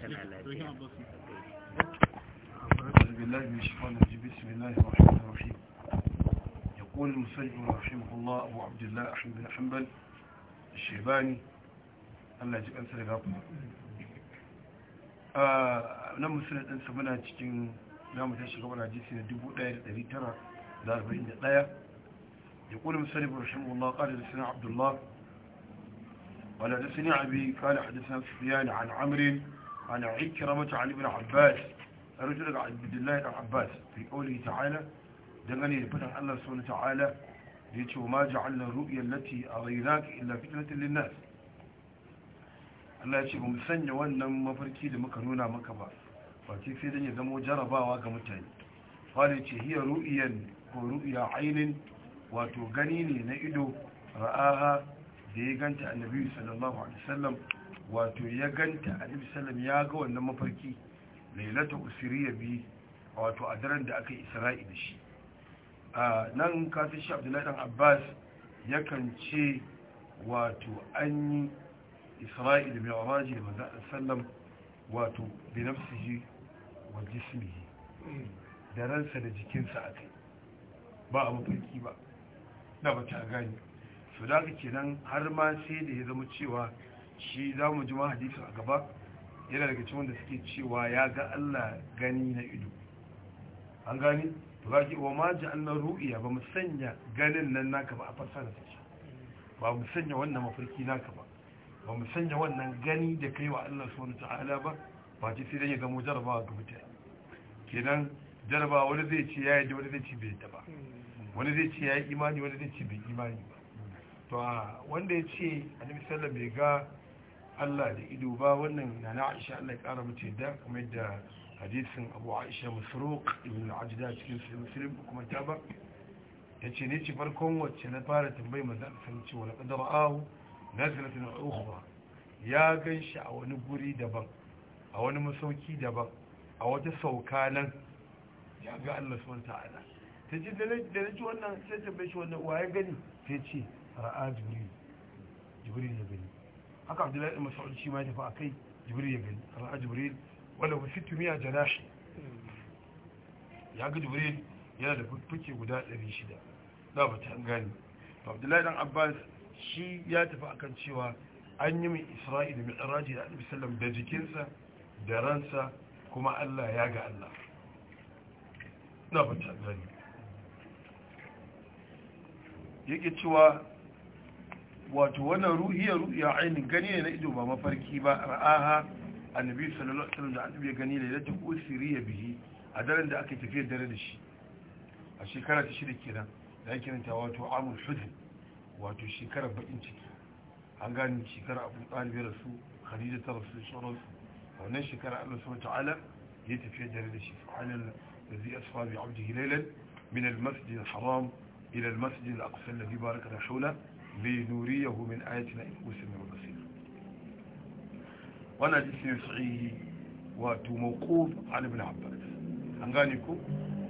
بالله من الشيطان الرجيم بسم الله الرحمن الرحيم يقول المسلم رحمه الله أبو عبد الله أحمد بن حنبل الشيباني الله يجب أن سلقه nan musulun ɗinsa muna cikin namu ta shiga wani hadisi na 1941 ya ƙuli musulun rashin Allah ƙari da suna abdullah wadda da suna abi ƙari hadisina sufiyan an amirin عن عكرمة عن ابن عباس رجل عبد الله بن عباس في قوله تعالى دعني فتح الله سبحانه وتعالى ليتو ما جعلنا الرؤيا التي أريناك إلا فتنة للناس Allah ya ce ba mu sanya wannan mafarki da muka nuna maka ba wace sai dan ya zama jarabawa ga mutane wani ce hiya ru'iyan ko ru'iya ainin wato gani ne na ido ra'aha da ya ganta annabi wato ya ganta annabi Salam ya ga wannan mafarki lailata usriya bi wato a daren da aka isra'i da shi a nan kafin shi abdullahi dan abbas yakan ce wato an yi isra'i da mi'raji da manzo sallam wato bi nafsihi wa jismihi da ransa da jikinsa kai. ba a mafarki ba na ba ta gani so da nan har ma sai da ya zama cewa shi za mu ji ma hadisu a gaba yana daga cikin wanda suke cewa ya ga Allah gani na ido an gani to ki wa ma ji Allah ru'iya ba mu sanya ganin nan naka ba a farsa da sashi ba mu sanya wannan mafarki naka ba ba mu sanya wannan gani da kai wa Allah subhanahu ta'ala ba ba ce sai dan ya gamo jarabawa ga mutane kenan jarba wani zai ce ya yi wani zai ce bai yadda ba wani zai ce ya yi imani wani zai ce bai imani ba to wanda ya ce annabi sallallahu alaihi wasallam bai ga Allah da ido ba wannan na na Aisha Allah ya kara mace da kamar da hadisin Abu Aisha Masruq ibn al-Ajda cikin Sahih Muslim kuma ta ba yace ne ci farkon wacce na fara tambayi manzo san cewa la qadara ahu nazlatin ukhra ya ganshi a wani guri daban a wani masauki daban a wata sauka nan ya ga Allah subhanahu ta'ala ta ji da na ji wannan sai ta bai shi wannan waye gani sai ce ra'a jibril jibril ya gani haka abdullahi ibn mas'ud shi ma ya tafi kai jibril ya gani ra'a jibril wadda wa fito miya shi ya ga jibril yana da fuke guda 600 da ba ta gani abdullahi dan abbas shi ya tafi a kan cewa an yi mai isra'i da mitsaraji da annabi sallam da jikinsa da ransa kuma Allah ya ga Allah na ba ta gani yake cewa wato wannan ruhiyar ruhiya ainihin gani ne na ido ba mafarki ba ra'aha annabi sallallahu alaihi wasallam da annabi ya gani lailatul usri ya bihi a daren da aka tafiya dare da shi a shekara ta shida kenan da ake kiranta wato amul hudn wato shekarar bakin ciki an gani shekara abu talib ya rasu khadija ta rasu sauran su wannan shekara Allah subhanahu ta'ala ya tafi dare da shi subhanallah الذي أسرى بعبده ليلا من المسجد الحرام إلى المسجد الأقصى الذي باركنا حوله Linuri min ayatina in usmi wa basir wannan hadisi ne sahihi wato mawquf an ibn abbas an gane ko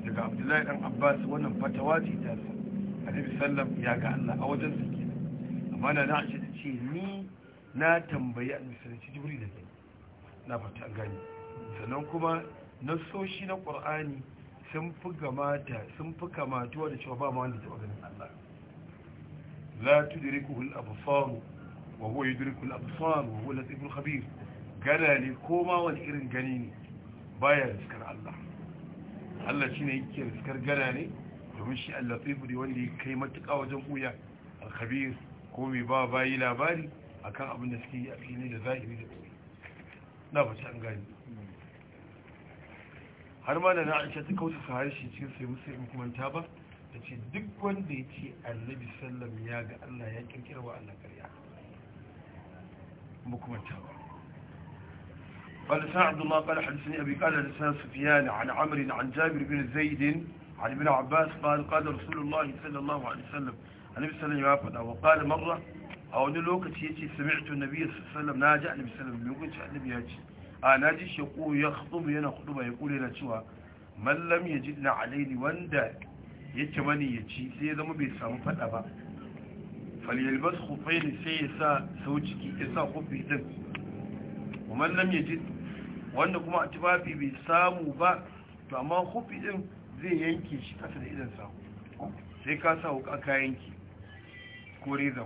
daga abdullahi dan abbas wannan fatawa ce ta sa annabi sallam ya ga Allah a wajen sa amma na na ce ce ni na tambayi annabi sallallahu jibril da ni na fata an gane sannan kuma nasoshi na qur'ani sun fi gamata sun fi kamatuwa da cewa ba ma wanda ta ganin Allah la tudrikuhu al-absar wa huwa yudriku al-absar wa huwa al-latif al-khabir gana ne koma wani irin gani ne baya riskar Allah Allah shine yake riskar gana ne domin shi al-latif ne wanda ya kai matuka wajen kuya al-khabir ko mai ba bayi labari akan abin da suke yi a fili da zahiri da koyi na ba an gani har ma da na aisha ta kausa su harshe cikin sai musu in kuma ba ta ce duk wanda ya ce annabi sallam ya ga Allah ya kirkira wa Allah karya mukumantawa قال سعد الله قال حدثني أبي قال لسان سفيان عن عمر عن جابر بن زيد عن ابن عباس قال قال رسول الله صلى الله عليه وسلم النبي صلى الله عليه وسلم وقال مرة أو نلوك تيتي سمعت النبي صلى الله عليه وسلم ناجع النبي صلى الله عليه وسلم يقول النبي هاتي آه ناجيش يقول يخطب ينا خطبة يقول لنا شوى من لم يجدنا عليه وندا ya ci mani ya ci sai ya zama bai samu fada ba falyalbas khufaini sai ya sa sau ciki ya sa kufi din kuma ya ji wanda kuma a tibafi bai samu ba to amma kufi din zai yanke shi kasa da idan sa sai ka sa wuka ka yanke ko reza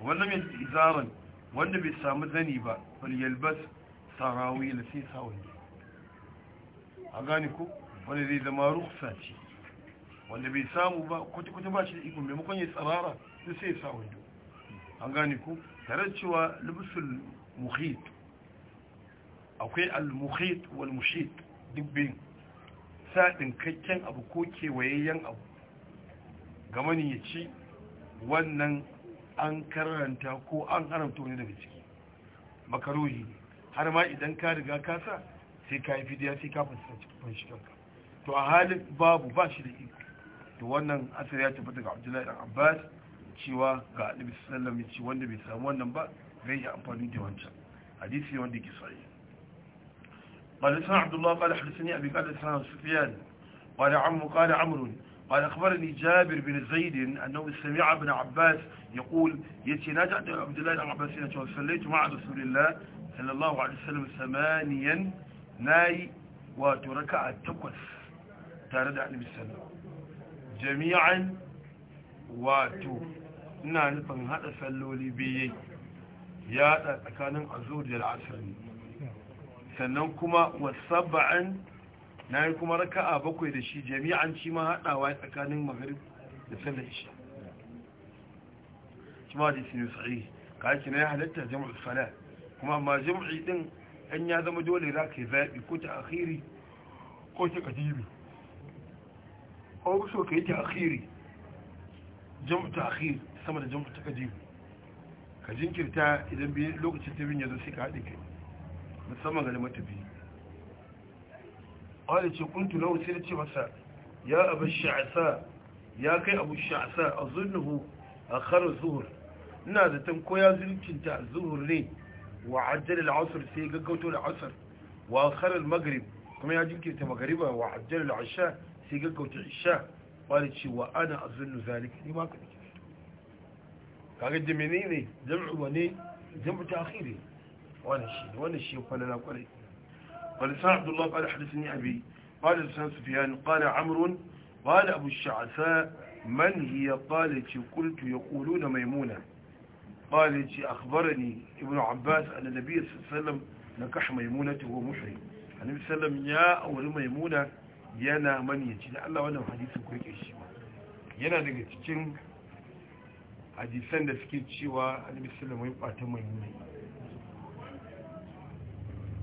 ko nan ya ji izaran wanda bai samu zani ba falyalbas sarawila sai sa wani a gane ko wani zai zama ruksa ce wanda bai samu ba kwata-kwata ba shi da iko maimakon ya tsarara da sai sa wando an gane ku tare cewa lubusul muhit akwai al-muhit wal mushit duk biyun sa ɗinkakken abu ko kewayayyen abu game ne ya ci wannan an karanta ko an haramta wani daga ciki makaruhi har ma idan ka riga kasa sai ka yi fidiya sai ka fasa cikin shi kanka to a halin babu ba shi da iko to wannan asar ya tafi daga abdullahi dan abbas cewa ga annabi sallallahu alaihi wanda bai samu wannan ba zai yi amfani da wancan hadisi wanda ke sai قال سنا عبد الله قال حدثني أبي قال سنا سفيان قال عم قال عمرو قال أخبرني جابر بن زيد أنه سمع ابن عباس يقول يتناجع عبد الله بن عباس صليت مع رسول الله صلى الله عليه وسلم ثمانيا ناي وتركع التقوس تارد عن النبي صلى الله عليه وسلم jami'an wato ina nufin hada salloli biye ya hada tsakanin azur da al'asar sannan kuma wasaba'an na yi kuma raka'a bakwai da shi jami'an shi ma hadawa tsakanin magharib da sallar isha shi ma da shi ne sa'i na ya halatta jam'ul sala kuma ma jam'i din an ya zama dole za ka yi zaɓi ko ta akhiri ko ta kadimi ko so ka yi ta akhiri jam'u ta akhiri sama da jam'u ta kadim ka jinkirta idan biyu lokacin tabin yanzu sai ka haɗe kai musamman ga da matafi wani ce kuntu lau sai da ce masa ya abu sha'asa ya kai abu sha'asa a zurnuhu a kharar zuhur ina zaton ko ya zurcinta zuhur ne wa ajiyar al'asar sai gaggauto da asar wa kharar magrib kuma ya jinkirta magariba wa ajiyar al'ashar sai gaggauta isha bari cewa ana azunnu zalik ni ma ka dake da menene jam'u wani jam'u ta'khiri wannan shi wannan shi fa lana kware bari sa abdullah qala hadithni abi qala san sufyan qala amr qala abu sha'sa maymuna qala ji akhbarani ibnu abbas anna nabiyyi sallallahu alaihi wasallam nakah maymunatu wa muhri annabi sallallahu alaihi wasallam ya auri maymuna yana maniyaci da Allah wannan hadisin ku rike shi yana daga cikin hadisan da suke cewa annabi sallallahu alaihi wasallam ya kwata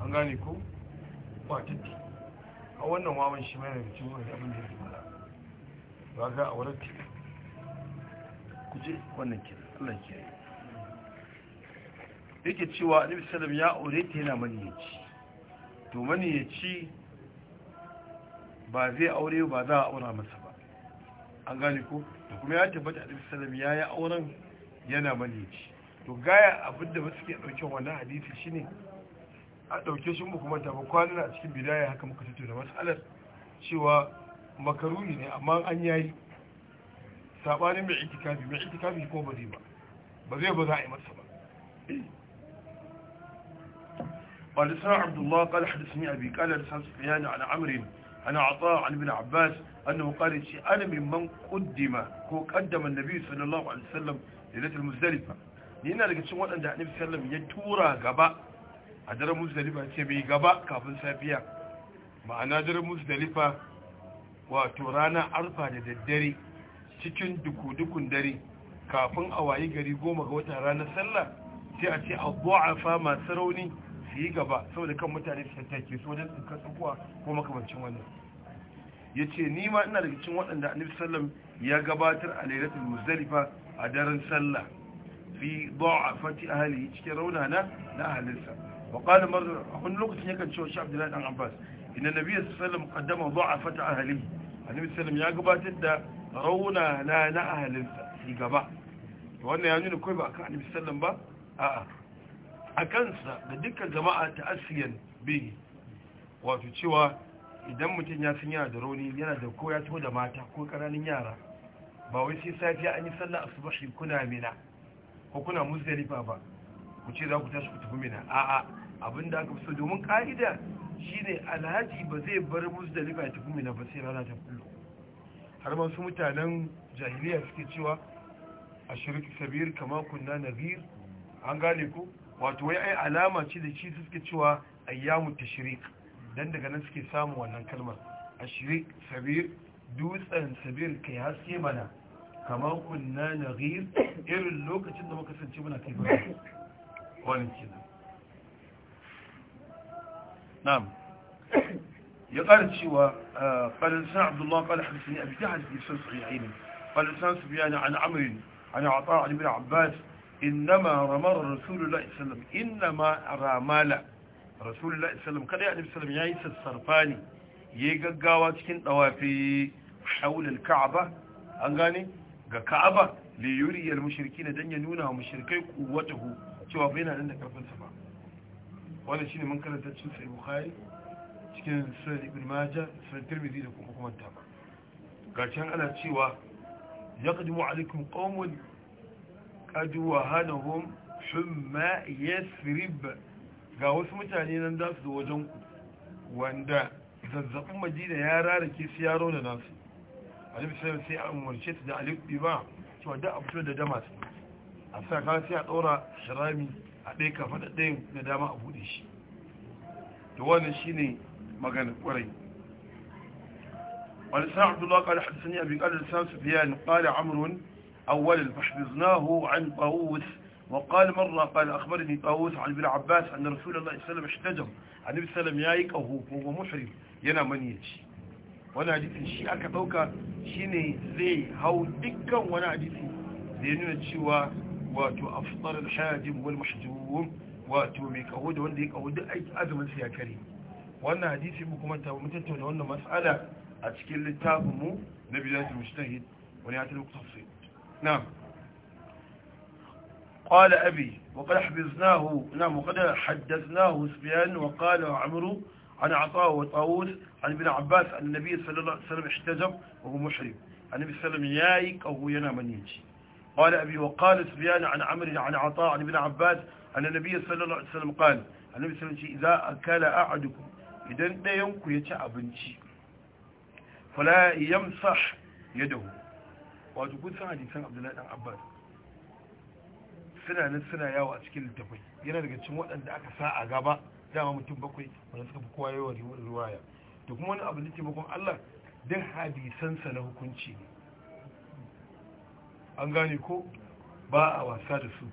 an gane ko kwatatti a wannan wawan shi mai daga cikin wani abin da ya fara ba ga a wurin ku je wannan kira Allah ke yake cewa annabi sallallahu alaihi wasallam ya aure ta yana maniyaci to maniyaci ba zai aure ba za a aura masa ba an gane ko da kuma ya tabbata a ɗansu salam ya yi auren yana maniyaci to gaya abin da wasu ke ɗauke wannan hadisi shine a ɗauke shi mu kuma tafi kwanan a cikin bidaya haka muka fito da matsalar cewa makaruni ne amma an yayi saɓanin mai itikafi mai itikafi ko ba zai ba ba zai ba za a yi masa ba قال سنة عبد الله قال حدثني أبي قال لسان سفيان عن عمرو ana عطاء عن ابن عباس أنه قال أنا ممن قدم هو قدم النبي صلى الله عليه وسلم ليلة المزدلفة لأن لك تشوف أن النبي صلى الله عليه وسلم يتورى غباء أدرى مزدلفة تبي غباء كافن سابيا ma'ana daren musdalifa wato rana arfa da daddare cikin dukudukun dare kafin a wayi gari goma ga watan ranar sallah sai a ce a masu rauni su yi gaba saboda kan mutane su tattake su wajen tsinka tsakuwa ko makamancin wannan ya ce ni ma ina daga cikin waɗanda annabi sallam ya gabatar a lailatul muzdalifa a daren sallah fi da'afati ahli cikin raunana na ahalinsa wa qala a wani lokacin yakan cewa shi abdullahi dan abbas inna nabiyyu sallam qaddama da'afati ahli annabi sallam ya gabatar da raunana na ahalinsa shi gaba wannan ya nuna kai ba kan annabi sallam ba a'a a kansa da dukkan jama'a ta asiyan bihi wato cewa idan mutum ya sun yana da rauni yana da ko ya to da mata ko ƙananin yara ba wai sai safiya an yi sallah asubahi kuna mina ko kuna muzdalifa ba ku ce za ku tashi ku tafi mina a'a abin da aka fi so domin ka'ida shine alhaji ba zai bar muzdalifa ya tafi mina ba sai rana ta kullu har ma su mutanen jahiliya suke cewa a shirki sabir kama kunna nazir an gane ku wato wai ai alama ce da shi suke cewa ayyamu tashrik dan daga nan suke samu wannan kalmar ashrik sabir dutsen sabir kai haske mana kamar kunna naghir irin lokacin da muka sanci muna kai bayani wannan kenan na'am ya kare cewa ƙalisan abdullahi ƙala hadisani a bi ta hadisi sun sahihaini ƙalisan su biya ne an amurin an ata'a ibn abbas innama ramar rasulullahi islam innama ramala rasulullahi islam kada ya islam ya yi sassarfa ne ya yi gaggawa cikin dawafi haulul ka'aba an gane ga ka'aba li yuriyal mushrikina don ya nuna wa mushrikai kuwatahu cewa bai na nan da karfin sa ba wannan shine mun karanta cikin sahih bukhari cikin sahih ibn majah sahih tirmidhi da kuma kuma ta ba ga can ana cewa yaqdimu alaikum qaumun qad wahanahum humma yasrib ga wasu mutane nan za su wajen ku wanda zazzabin madina ya rarake su yaro da nasu alif sai sai an warce ta da alif ba to da abu da dama su a sa ka sai a ɗora shirami a ɗaya kafa da ɗaya na dama a buɗe shi to wannan shine magana ƙwarai wani sa'adu laƙar hadisun ya bi ƙarar sa su biya ni أولا فحفظناه عن طاووس وقال مرة قال أخبرني طاووس عن ابن عباس أن رسول الله صلى الله عليه وسلم احتجم عن ابن سلم يايك وهو محرم ينام من يجي وانا عديث الشيء أكتوك شيني زي هاو دكا وانا عديث لأنه نتشوى واتو أفضل الحاجم والمحجوم واتو ميك أود وانديك أود أي أزم فيها كريم وانا عديث بكم أنت ومتنتون أنه مسألة أتكلم للتابم نبي ذات المجتهد ونعطي المقتصد نعم قال أبي وقد حفظناه نعم وقد حدثناه سفيان وقال عمرو عن عطاء وطاووس عن ابن عباس عن النبي صلى الله عليه وسلم احتجب وهو محرم النبي صلى الله عليه وسلم يايك أو ينام يجي قال أبي وقال سفيان عن عمرو عن عطاء عن ابن عباس عن النبي صلى الله عليه وسلم قال النبي صلى الله عليه وسلم إذا أكل أعدكم إذا لا ينكو يتعبنشي فلا يمسح يده wato kun san hadisan abdullahi dan abbas suna nan suna yawo a cikin littafai yana daga cikin waɗanda aka sa a gaba dama mutum bakwai wanda suka fi kowa yawa ruwaya da kuma wani abu da taimakon allah duk hadisansa na hukunci ne an gane ko ba a wasa da su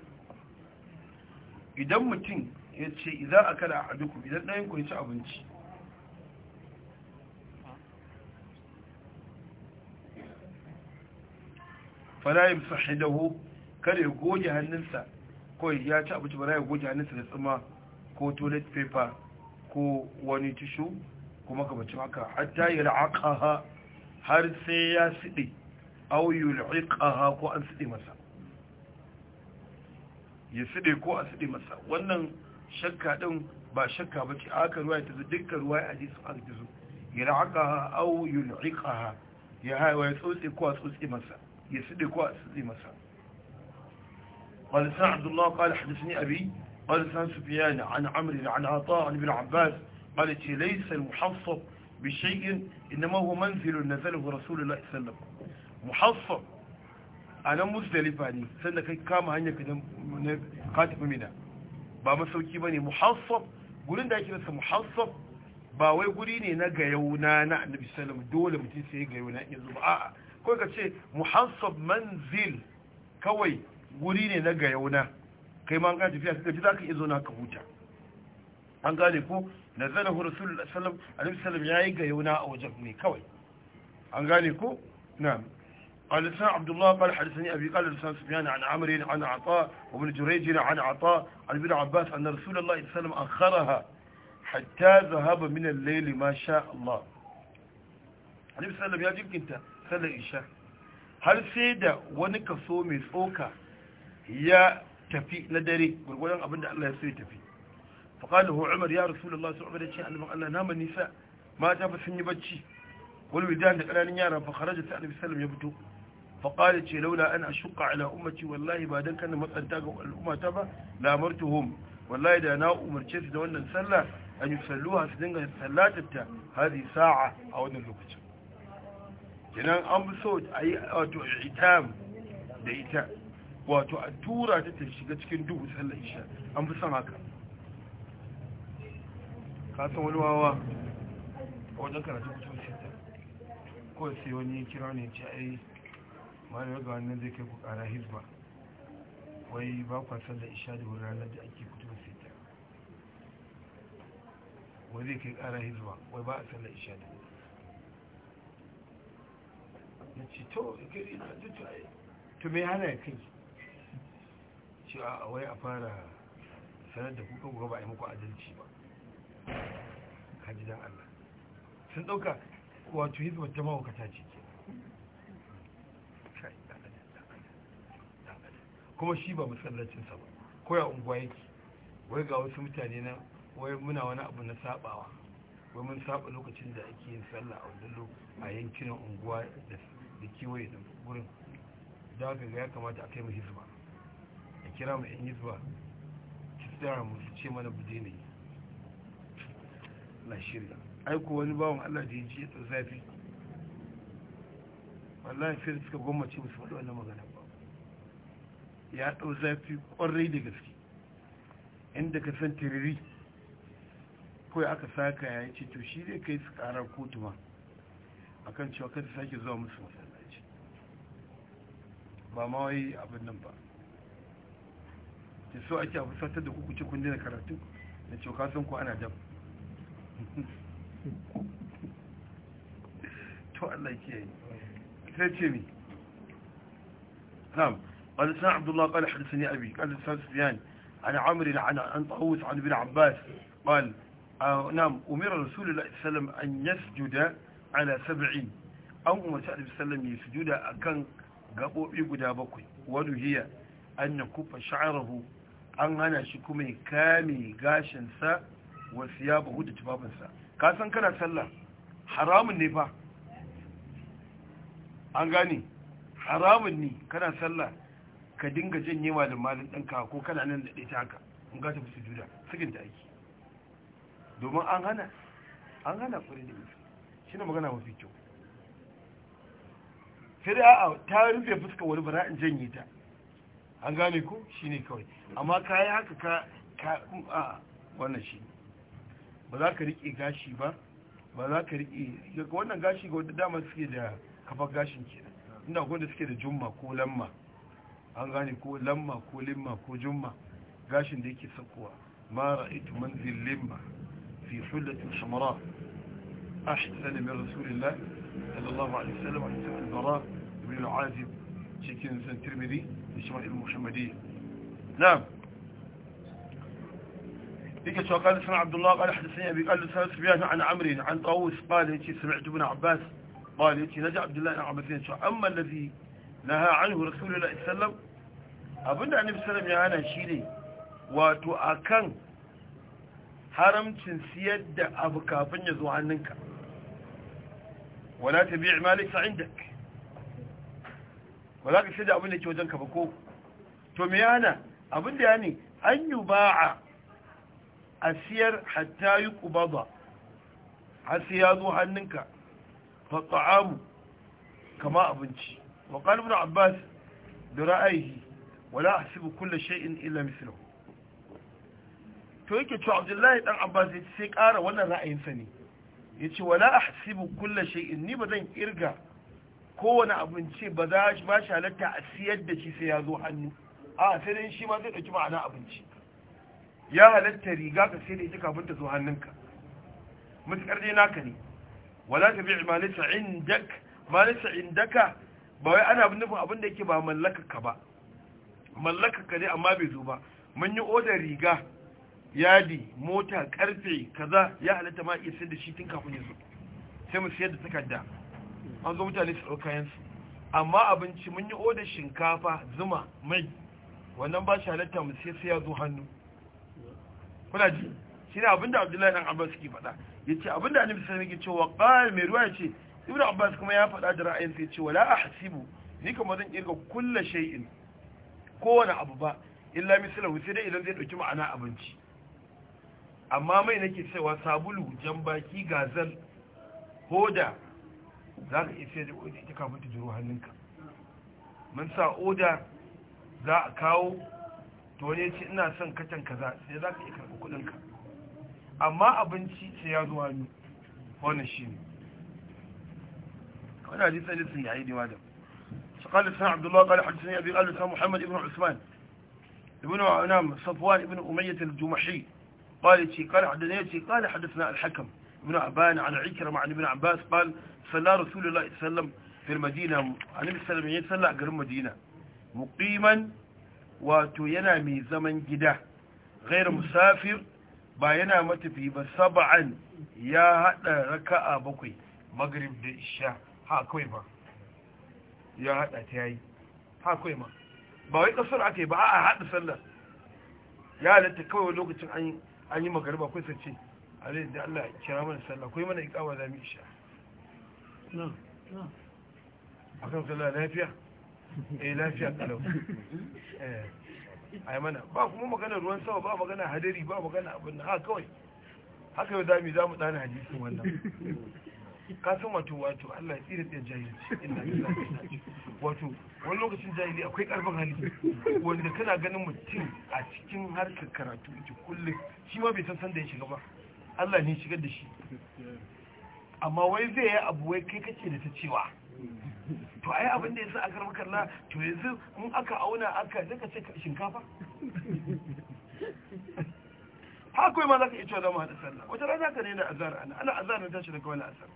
idan mutum ya ce idan aka da a idan ɗayan ku ya ci abinci yi yamsah yadahu kada ya goge hannunsa ko ya ci abinci ba ya goge hannunsa da tsuma ko toilet paper ko wani tishu kuma ka bace haka hatta yar'aqaha har sai ya sidi aw yul'iqaha ko an sidi masa ya sidi ko a sidi masa wannan shakka din ba shakka ba ce aka ruwaya ta dukkan ruwaya a jisu an jisu yar'aqaha aw yul'iqaha ya haiwa ya tsotse ko a tsotse masa يصدق وأسلم سام قال سعد عبد الله قال حدثني أبي قال سعد سفيان عن عمرو عن عطاء عن ابن عباس قال ليس المحصب بشيء إنما هو منزل نزله رسول الله صلى الله عليه وسلم محصب أنا مزدلفة يعني سنة كام هنيا كده كاتب منها ba masauki ba ne muhassab gurin da ake nasa muhassab ba wai guri ne na gayauna na annabi salam dole mutum sai gayauna yanzu ba a'a kawai ka ce muhansab manzil kawai wuri ne na gayauna kai ma an gaji ka ji za ka iya na ka huta an gane ko na zana hu rasulullah sallam alaihi sallam ya yi gayauna a wajen ne kawai an gane ko na'am قال لسان عبد الله قال حدثني أبي قال لسان سفيان عن عمرو عن عطاء وابن جريج عن عطاء عن ابن عباس أن رسول الله صلى الله عليه وسلم أخرها حتى ذهب من الليل ما شاء الله عليه sallar isha har sai da wani kaso mai tsoka ya tafi na dare gurgurdan abinda Allah ya so ya tafi fa hu umar ya rasulullah sallallahu alaihi wasallam Allah na ma nisa mata ba sun yi bacci wal widan da kananan yara fa kharaja ta annabi sallallahu ya fito fa qala ce laula an ashqa ala ummati wallahi ba dan kana matsanta ga al'ummata ba la amartuhum wallahi da na umarce su da wannan sallah an yusalluha su dinga sallatarta hadi sa'a a wannan lokacin kenan an bi so a yi wato itam da ita wato a tura ta ta shiga cikin duhu sallar isha an fi son haka kasan wani wawa a wajen karatu mutum shida kawai sai wani kira ne a ai mara yaga wannan zai kai bukara hizba wai ba kwa sallar isha da wurin ranar da ake kutuba sita wai zai kai kara hizba wai ba a sallar isha da wurin na ce to gari na zuto a yi to mai hana ya kai cewa a wai a fara sanar da kuka gobe a yi muku adalci ba kaji don allah sun ɗauka wato yi zuwa mahaukata ce ke kuma shi ba musallacinsa ba ko ya unguwa yake wai ga wasu mutane na wai muna wani abu na sabawa wai mun saba lokacin da ake yin sallah a wani a yankinan unguwa da da kiwaye da gurin da aka ga ya kamata a kai mu hizba a kira mu yan hizba ki tsaya mu su ce mana bude ne na shirya aiko wani bawon allah da ya ji yadda zafi wallahi fiye da suka gwamnati musu faɗi wannan magana ba ya ɗau zafi ƙwarai da gaske inda ka san tiriri kawai aka saka ya ce to shi zai kai su ƙarar kotu ma akan cewa kada sake zuwa musu masu ba ma wai abin nan ba ta so ake abu satar da kuku cikin dina karatu da coka sun ana dab to allah ke yi sai ce mi sam wadda sun abdullahi kwallo ne abi kwallo sun su yan an amuri da ana an tsawo su anubin abbas kwal نعم أمير رسول الله سلم أن يسجد على سبعين أو أمير رسول الله سلم يسجد أكن gaɓoɓi guda bakwai wani hiya an na kufa sha'arahu an hana shi kuma ya kame gashinsa wasu ya bahu da tubabinsa kasan kana sallah haramun ne fa an gane haramun ne kana sallah ka dinga janye malin malin ɗanka ko kana nan da ɗaita haka in ka su juda sigin da aiki domin an hana an hana kwarin da ita shi na magana mafi kyau sai dai a'a ta rufe fuskar wani bara in janye ta an gane ku shi ne kawai amma ka yi haka ka ka a wannan shi ba za ka riƙe gashi ba ba za ka riƙe daga wannan gashi ga wanda dama suke da kafar gashin ke inda wanda suke da jumma ko lamma an gane ko lamma ko limma ko jumma gashin da yake sakowa mara ita manzil limma fi hulatin shamara ahsan min rasulillah صلى الله عليه وسلم عن سمع البراء بن العازب شيخ الإنسان الترمذي لشماء المحمدية نعم ديك قال سمع عبد الله قال حدثني ابي قال له سمع عن عمري عن طاووس قال هيك سمعت ابن عباس قال هيك نجا عبد الله بن عباس شو أما الذي نهى عنه رسول الله صلى الله عليه وسلم أبن النبي صلى الله عليه وسلم يا انا شيلي وتوأكن حرمت سيد أبو كافن يزوع عنك wala tabi' ma laysa 'indak wala ka shaida abin da ke wajen ka ba ko to me yana abin da yani an yuba'a asiyar hatta yuqbada hasi ya zo hannunka fa ta'amu kama abinci wa qala ibn abbas da ra'ayi wala ahsibu kulli shay'in illa to yake abdullahi ɗan abbas sai ƙara wannan ra'ayinsa ne ya wala ahsibu kulla shay'in ni ba zan kirga kowane abinci ba za ba shi halatta a siyar da shi sai ya zo hannu a sai dai shi ma zai dauki ma'ana abinci ya halatta riga ka sai da ita kafin ta zo hannunka mutakar dai naka ne wala ta bi ma indak indaka ba wai ana nufin abin da yake ba mallaka ka ba mallaka ka dai amma bai zo ba mun yi odar riga yadi mota karfe kaza ya halatta ma iya sayar da shi tun kafin yanzu sai mu sayar da takarda an zo mutane su dauka yansu amma abinci mun yi odar shinkafa zuma mai wannan ba shi halatta mu sai sai ya zo hannu kuna ji shi ne abinda abdullahi dan abbas ke faɗa ya ce abinda an sai yake cewa qal mai ruwa ya ce ibnu abbas kuma ya faɗa da ra'ayin sai ya ce wala ahsibu ni kamar zan kirga kullu shay'in kowane abu ba illa mislahu sai dai idan zai dauki ma'ana abinci amma mai nake cewa sabulu jan baki gazal hoda za ka iya da oda ita kafin ta jiro hannunka mun sa oda za a kawo to wani ce ina son katan kaza sai za ka iya karɓi kuɗinka amma abinci sai ya zuwa ni wannan shi ne wani hadis alisun sun yayi da wadam قال لسان عبد الله قال حدثني أبي قال muhammad محمد Usman, عثمان ابن عنام صفوان ibn أمية الجمحي قال شي قال حدثنا يشي قال حدثنا الحكم بن عبان عن عكرمة عن ابن عباس قال صلى رسول الله صلى الله عليه وسلم في المدينة wato yana mai zaman gida gairar musafir ba yana matafi ba saba'an ya hada raka'a bakwai magrib da isha ha ya hada ta yayi kawai ma ba wai kasar aka yi ba a hada sallar ya halatta kawai lokacin an an yi magariba ko sace ce alai da Allah kira mana sallah ko yi mana ikawa za mu isha a kan sallah lafiya eh lafiya kalau eh ai mana ba kuma magana ruwan sama ba magana hadari ba magana abin ha kawai haka yau za mu za mu dana hadisin wannan kasan wato wato Allah ya tsira tsira jahili inna lillahi wato wani lokacin jahili akwai karfin hali wanda kana ganin mutum a cikin harkar karatu ita kullum shi ma bai san san da ya shiga ba Allah ne shigar da shi amma wai zai yi abu wai kai kace da ta cewa to ai abin da yasa a karbi kalla to yanzu in aka auna aka daga ce shinkafa ha kuma ma za ka iya cewa zama da sallah wata rana ka ne na azar ana ana azar na tashi daga wani asar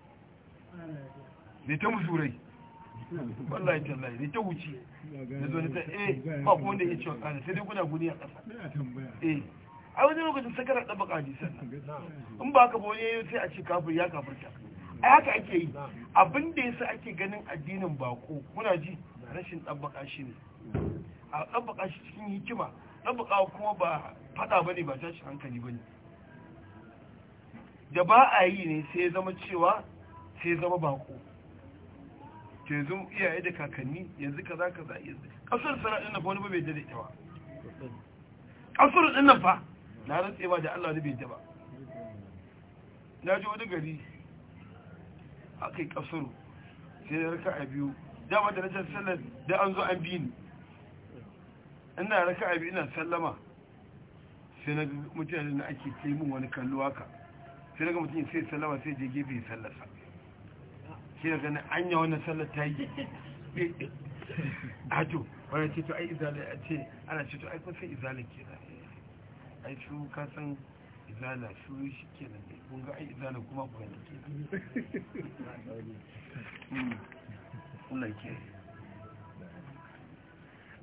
da ta musurai wallahi tallahi da ta wuce da zo ta eh ba ko da ya ce wa sai dai kuna guni a ƙasa eh a wani lokacin sakara da baka ji sannan in ba ka ba wani sai a ce kafir ya ta. a haka ake yi abin da yasa ake ganin addinin bako kuna ji rashin baka shi ne a baka shi cikin hikima ɗabbaka kuma ba faɗa ba ne ba tashi hankali ba ne da ba a yi ne sai ya zama cewa sai zama bako ke zo iyaye da kakanni yanzu ka za ka za yanzu kasar sana'in na wani ba bai jade ita ba kasar din nan fa na rantse ba da Allah ne bai ba na ji wani gari aka yi kasar sai da raka a biyu dama da najar sallar da an zo an bi ni ina raka a biyu ina sallama sai na mutane na ake taimun wani kallo haka sai daga mutum sai sallama sai je gefe sallarsa shi da ganin anya wannan sallar ta yi ajo wani ce to ai izali a ce ana ce to ai kun izali ke da ai su kasan san izala su shi ke nan dai kunga ai izali kuma ku na ke na ke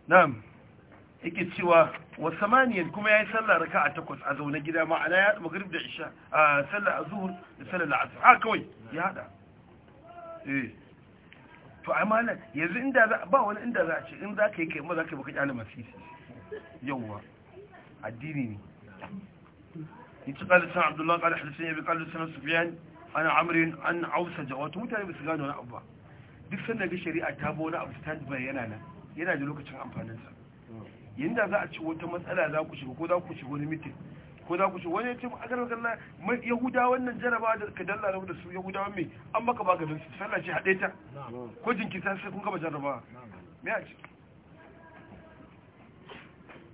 na'am yake cewa wasu maniyar kuma ya yi sallar raka a takwas a zaune gida ma'ana ya haɗa magrib da isha a sallar a zuhur da sallar la'asar a kawai ya haɗa Eh. to amana yanzu inda za ba wani inda za a ce in za ka yi kai ma za ka yi baka kyale masisi yawwa addini ne yace qala san abdullahi qala hadathani abi qala san sufyan ana amrin an ausa to mutane bisu gano wani abu ba duk sanda ga shari'a ta bo wani abu stand by yana nan yana da lokacin amfanin sa yanda za a ci wata matsala za ku shiga ko za ku shiga wani mitin. ko za ku ce wani yake ce a garba kalla yahuda wannan jaraba da ka dalla rabu da su yahuda mai an baka ba don sallah ce haɗe ta ko jinkirta sai kun gaba jaraba me a ciki.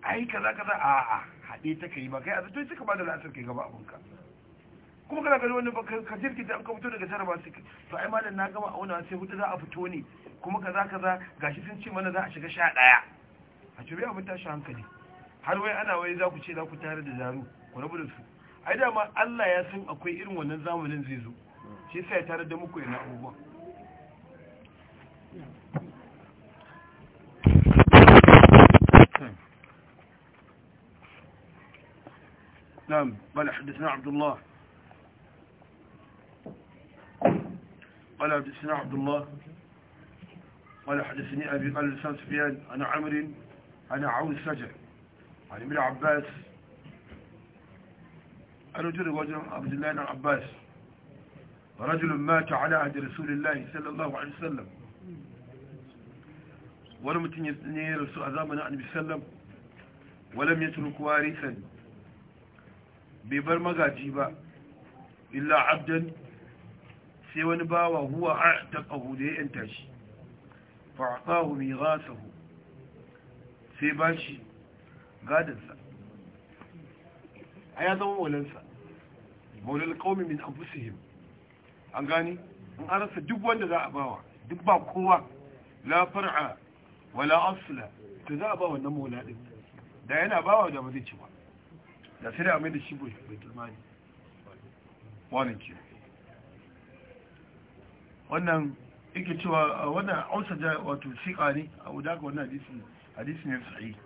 ai kaza kaza a a haɗe ta yi ba kai a zato yi ka ba da la'asar kai gaba abinka kuma kana gani wani ka da an ka fito daga jaraba ka to ai malam na gama auna sai hutu za a fito ne kuma kaza kaza gashi sun ce mana za a shiga sha ɗaya a cire abin tashi hankali har wai ana wai za ku ce za ku tare da jaru. kuna budin su a yi dama allah ya san akwai irin wannan zamanin zai zo shi sai tare da muku yana uwa نعم قال حدثنا عبد الله قال حدثنا عبد الله قال حدثني أبي قال لسان سفيان أنا عمر أنا عون السجع عن ابن عباس أرجل وجه عبد الله بن عباس رجل مات على عهد رسول الله صلى الله عليه وسلم ولم يتني رسول أزامنا عن بسلم ولم يترك وارثا ببر مغاجيبا إلا عبدا سيوان باوا هو أعتقه ليه انتاش فأعطاه ميغاثه سيباشي قادنسا a ya zama walinsa maulil qaumi min anfusihim an gani in an rasa duk wanda za a bawa duk ba kowa la far'a la asla to za a bawa wannan maula din da yana bawa da ba zai ci ba da sai da amai da shi baitul mali wannan ke wannan yake cewa wannan ausa da wato siqa ne a wadaka wannan hadisi ne sahihi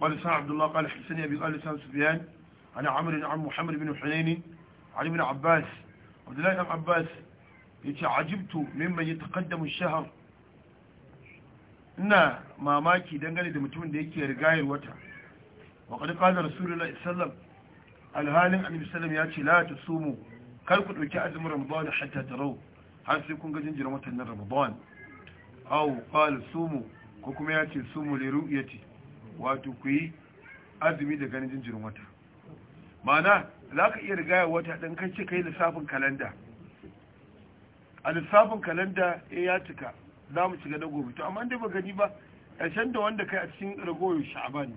قال سعد عبد الله قال حسن أبي قال سعد سفيان عن عمر عن محمد بن حنين عن ابن عباس عبد الله بن عباس يتعجبت ممن يتقدم الشهر ina mamaki dangane da mutumin da yake rigayar wata wa qad qala rasulullahi sallallahu alhalin annabi sallam ya ce la tasumu kar ku dauki azumin ramadan hatta tarau har sai kun ga jinjirin watan ramadan aw qala sumu ko kuma ya sumu li ru'yati wato ku yi azumi da ganin jinjirin wata mana za ka iya rigaya wata ɗin kan ce ka yi lissafin kalanda a lissafin kalanda ya eh, ya cika za mu shiga na gobe to amma dai ba gani ba ƙarshen da wanda kai a cikin ragowar sha'aba ne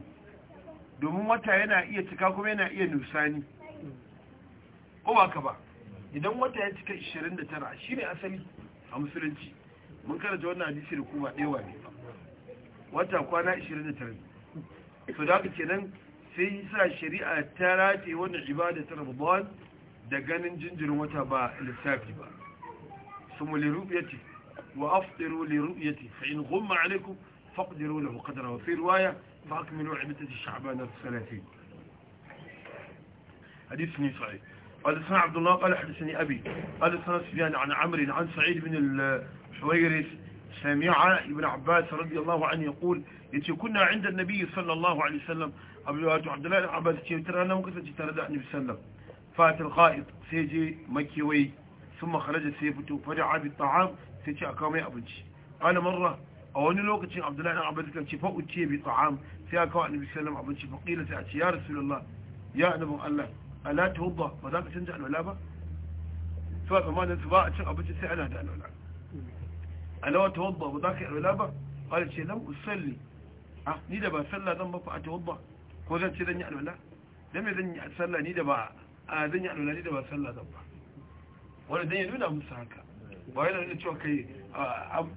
domin wata yana iya cika kuma yana iya nusani ko ba ka ba idan wata ya cika 29 shi ne asali a musulunci mun karanta wannan hadisi da kuma ɗewa ne wata kwana 29 so da haka kenan sai sa shari'a ta rate wannan ibada ta ramadan da ganin jinjirin wata ba lissafi ba sumu li ru'yati wa afṭiru li ru'yati fa in ghumma 'alaykum faqdiru lahu qadra wa fi riwaya fa akmilu 'ibadati ash-sha'ban 30 hadith ni sahih قال سمع عبد الله قال حدثني أبي قال سنة سفيان عن عمرو عن سعيد بن الحويرث سمع ابن عباس رضي الله عنه يقول إذ كنا عند النبي صلى الله عليه وسلم abdullahi abdullahi abbas ce tara na muka tare da annabi sallam fatil qa'id sai je makiwai thumma kharaja sai fito fada abi ta'am sai ce aka mai abinci ana marra a wani lokacin abdullahi dan abbas kan ce fa uci bi ta'am sai aka wa annabi sallam abinci fa qila sai a ce ya rasulullah ya annabin allah ala tawba ba za ka canja alwala ba sai zamanin su ba a cin abinci sai ana da alwala ba za ka alwala ba qala ce lam usalli ah ni da ba sallah zan ba fa ko zan ce zan yi alwala dan me zan yi sallah ni da ba a zan yi alwala ni da ba sallah zan ba wani dan ya nuna musu haka ba yana nuna cewa kai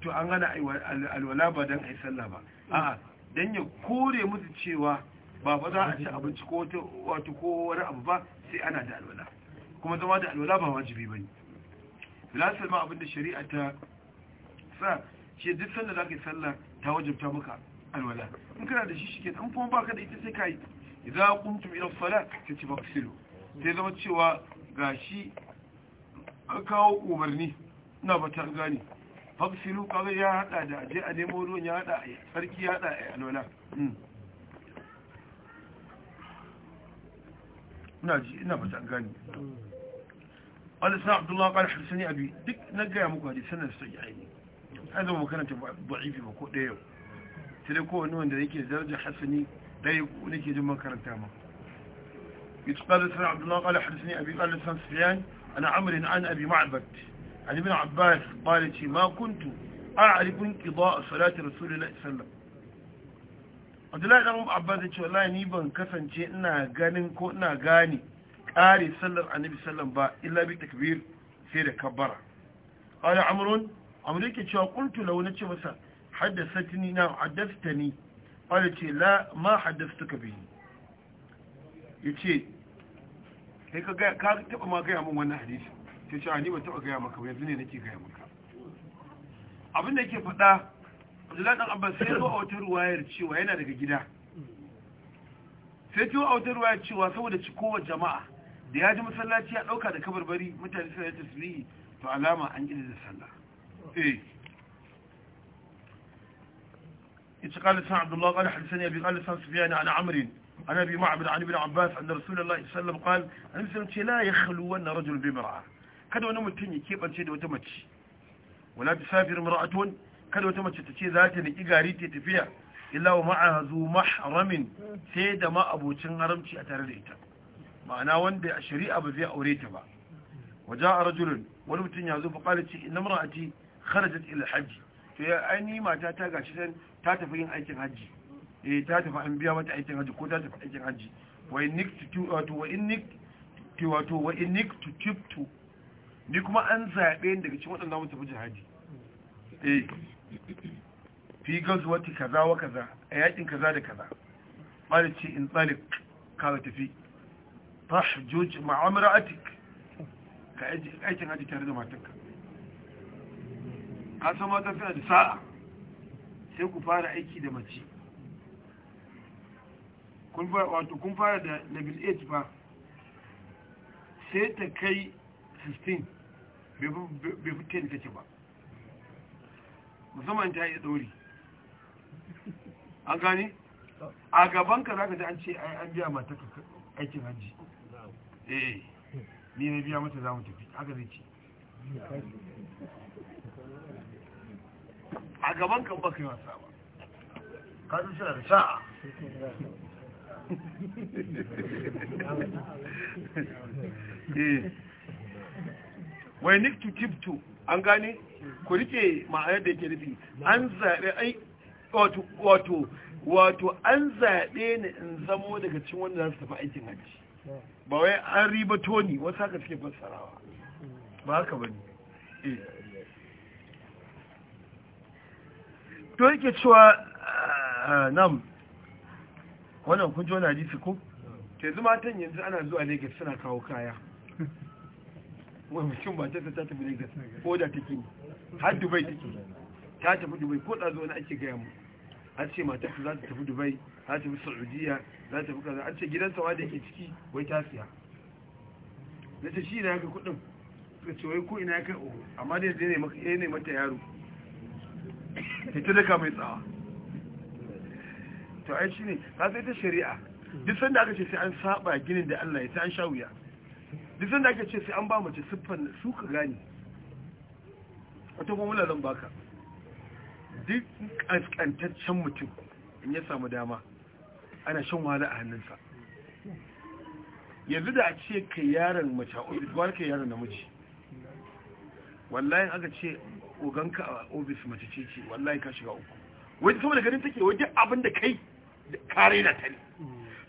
to an hana alwala ba dan ai sallah ba a'a dan ya kore musu cewa ba ba za a ci abinci ko wato ko wani abu ba sai ana da alwala kuma zama da alwala ba wajibi bane filasar ma abinda shari'a ta sa shi duk sanda za ka yi sallah ta wajabta maka alwala in kana da shi shike dan kuma baka da ita sai kai idza qumtum ila salat kace baksilu sai zama cewa gashi kawo umarni ina ba ta gani baksilu kaga ya hada da aje a nemo ruwan ya hada sarki ya hada alwala hmm. ina ji ina ba ta gane قال سنة عبد الله قال حدثني أبي دك نقى يا مكوهدي سنة السجعيني هذا ما كانت ba ko ديو sai dai kowane wanda yake daraja hasani dai nake jin makaranta ma يتقال سنة عبد الله قال حدثني أبي قال لسان سفيان أنا عمر عن أبي معبد عن ابن عباس قالت ما كنت أعرف انقضاء صلاة رسول الله صلى الله عليه وسلم عبد الله بن عباس يقول والله ني ban kasance ina ganin ko ina gane kare sallar annabi sallam ba illa bi takbir sai da kabbara qala amrun amrike cewa qultu law nace masa haddasatini na haddastani wanda ce la ma haddastuka bihi yace kai ka gaya ka taba ma gaya mun wannan hadisi sai ce ani ba taba gaya maka ba yanzu ne nake gaya maka abin da yake faɗa Abdullahi dan Abbas sai zo a wata ruwayar cewa yana daga gida sai ce a wata ruwayar cewa saboda cikowa jama'a da ya ji masallaci ya dauka da kabarbari mutane suna tasbihi to alama an gida da sallah eh قال لسان عبد الله قال حدثني أبي قال لسان سفيان عن عمرو عن أبي معبد عن ابن عباس أن رسول الله صلى الله عليه وسلم قال لا يخلون رجل kada wani mutum ya keɓance da wata mace wala bi safir mar'atun kada wata mace ta ce za ta niki gari ta tafiya illa wa ma'aha zu mahramin sai da ma abocin haramci a tare da ita ma'ana wanda a shari'a ba aure ta ba waja a rajulun wani mutum ya zo fa qala ce inna mar'ati kharajat ila to ya aini mata ta gashi san ta tafi yin aikin hajji eh ta tafi an biya mata aikin hajji ko ta tafi aikin hajji wa in tu wato wa in niktu wato wa in tu tiptu ni kuma an zabe ni daga cikin waɗannan mutum jihadi eh fi gazwati kaza wa kaza a yakin kaza da kaza bari ce in tsalik ka tafi tahjuj ma'a imra'atik ka aikin hajji tare da matanka ka san mata suna da sa'a sai ku fara aiki da mace wato kun fara da level 8 ba sai ta kai 16 bai fi 10 take ba musamman ta yi tsori an gani a gaban ka za ka ji an ce an biya mata aikin hajji eh ni na biya mata za mu tafi haka zai ce a gaban kan baka yi wasa ba kasu suna da sa'a eh. wai nick to tip an gane ku rike ma'ayar da yake rufi an zaɓe ai wato wato wato an zaɓe ni in zamo daga cin wanda za su tafi aikin hajji ba wai an ribato toni wasu haka suke fassarawa ba haka ba ne eh. to yake cewa eh, eh, nam wannan kun ji wani hadisi ko yanzu matan yanzu ana zuwa lagos suna kawo kaya wani mutum ba ta tafi lagos ko da take har Dubai take ta tafi Dubai ko da zuwa wani ake gaya mu an ce mata za ta tafi Dubai za ta tafi Saudiya za ta tafi kaza an ce gidansa wa da yake ciki wai ta siya na shi ne haka kudin suka ce wai ko ina ya kai amma dai zai ne mata yaro ita daga mai tsawa to ai shi ne ka sai ta shari'a duk sanda aka ce sai an saba ginin da Allah ya ta an sha wuya duk sanda aka ce sai an ba mace siffan su ka gani wato kuma zan baka duk kaskantaccen mutum in ya samu dama ana shan wahala a hannunsa yanzu da a ce ka yaron mace a ofis ka yaron namiji wallahi aka ce oganka a ofis mace ce ce wallahi ka shiga uku Wani saboda ganin take waje abin da kai kare da ta ne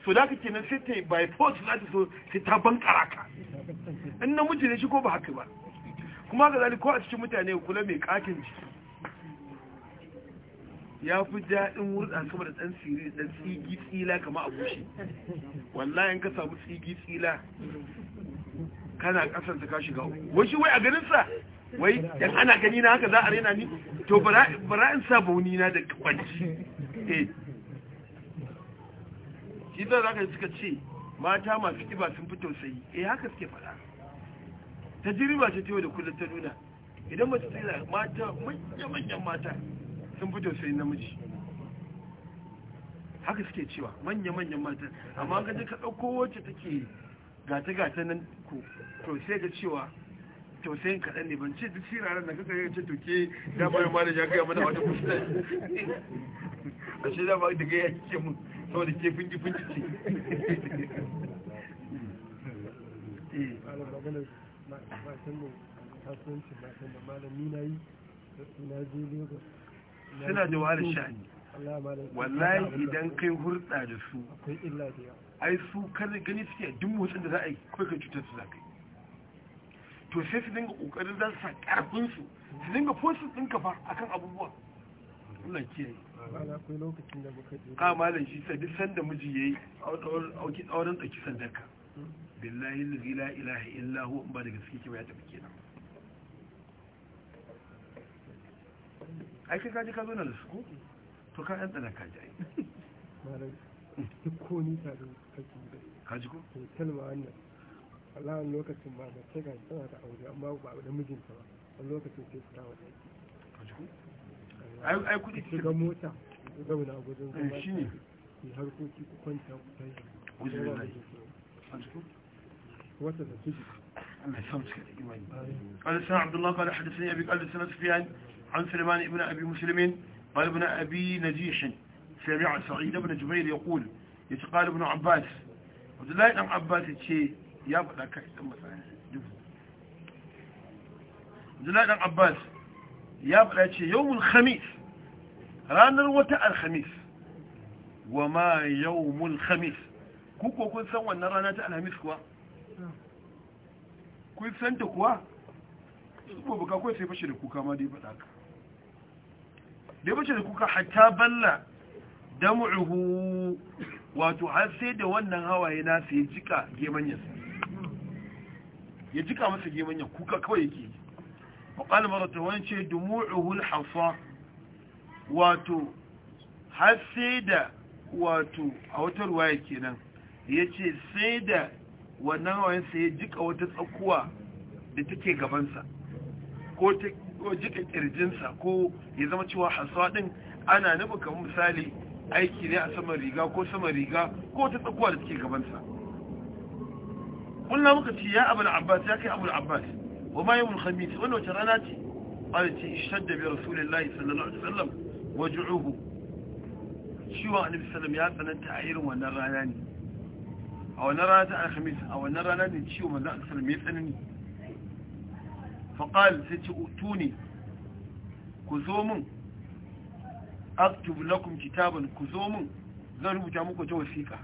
so da kake nan sai ta yi by force za ta so sai ta bankara ka in namiji ne shi ko ba haka ba kuma ga zali ko a cikin mutane kula mai katin jiki ya fi daɗin wurɗa sama da ɗan siri ɗan tsigi tsila kama a bushe wallahi ka samu tsigi tsila kana ƙasar ta ka shiga wai wai a ganin sa wai dan ana gani na haka za a rena ni to bara in sa bauni na da kwanci eh shi za zaka suka ce mata masu kiba sun fi tausayi eh haka suke fada tajriba ce ta yau da kullum ta nuna idan mace ta mata manya manyan mata sun fi tausayi namiji haka suke cewa manya manyan mata amma ka je ka dauko wacce take gata gata nan ko to sai ga cewa tausayin kaɗan ne ban ce duk siraran da kaka yace to ke da bayan ma da ja kai mana wata kusa ashe eh. da ba da kai yake mun da ke fungi fungi ce ba suna da wahalar sha'ani wallahi idan kai hurɗa da su ai su kan gani suke duk motsin da za a yi kai cutar su za ka yi to sai su dinga kokarin za su sa karfin su su dinga fosu din ka fa akan abubuwa Allah kiyaye ka malam shi sai duk sanda miji yayi auki tsawon tsaki sandarka billahi allazi la ilaha illa hu ba da gaske ke ba ya tafi kenan ai kai kaji ka zo na da su to ka yan tsana kaji ai malam ko ni ta da kaji ko kalma wannan wani lokacin ba da ta gani tana da aure amma ba da mijinta ba wani lokacin sai fita wa ɗaki ai kuɗi ce ga mota ku zauna eh, shi ne harkoki ku kwanta ku ta yi wata da su الله قال سنة عبد الله قال حدثني أبي قال سفيان عن سليمان ابن قال ابن نجيح سمع سعيد بن جبير يقول يتقال ابن عباس عبد الله بن عباس ya faɗa ka isan masani dubu jinaɗin abbas ya faɗa ce yawmul khamis ranar wata alhamis wa ma yawmul khamis kuko kun san wannan rana ta alhamis kuwa kun san ta kuwa ko baka kai sai fashe da kuka ma dai faɗa ka dai fashe da kuka hatta balla damu'uhu wato har sai da wannan hawaye na sai jika geman ya jika masa geman ya kuka kawai yake yi wa ƙalmar ta wani ce dumu'uhul hafa wato har sai da wato a wata ruwaya kenan ya ce sai da wannan wayansa ya jika wata tsakuwa da take gabansa ko jika kirjinsa ko ya zama cewa hasa din ana nufa kamar misali aiki ne a saman riga ko saman riga ko wata tsakuwa da take gabansa kullum muka ce ya abu abbas ya kai abu abbas wa ma yawon khamis wani wace rana ce ƙwari ce ishadda bi rasulullahi sallallahu alaihi sallam wa ju'uhu ciwon annabi sallam ya tsananta a irin wannan rana ne a wannan rana ta alhamis a wannan rana ne ciwon manzo annabi sallam ya tsanani faqal sai ce ne ku zo min aktub lakum kitaban ku zo min zan rubuta muku ta wasiƙa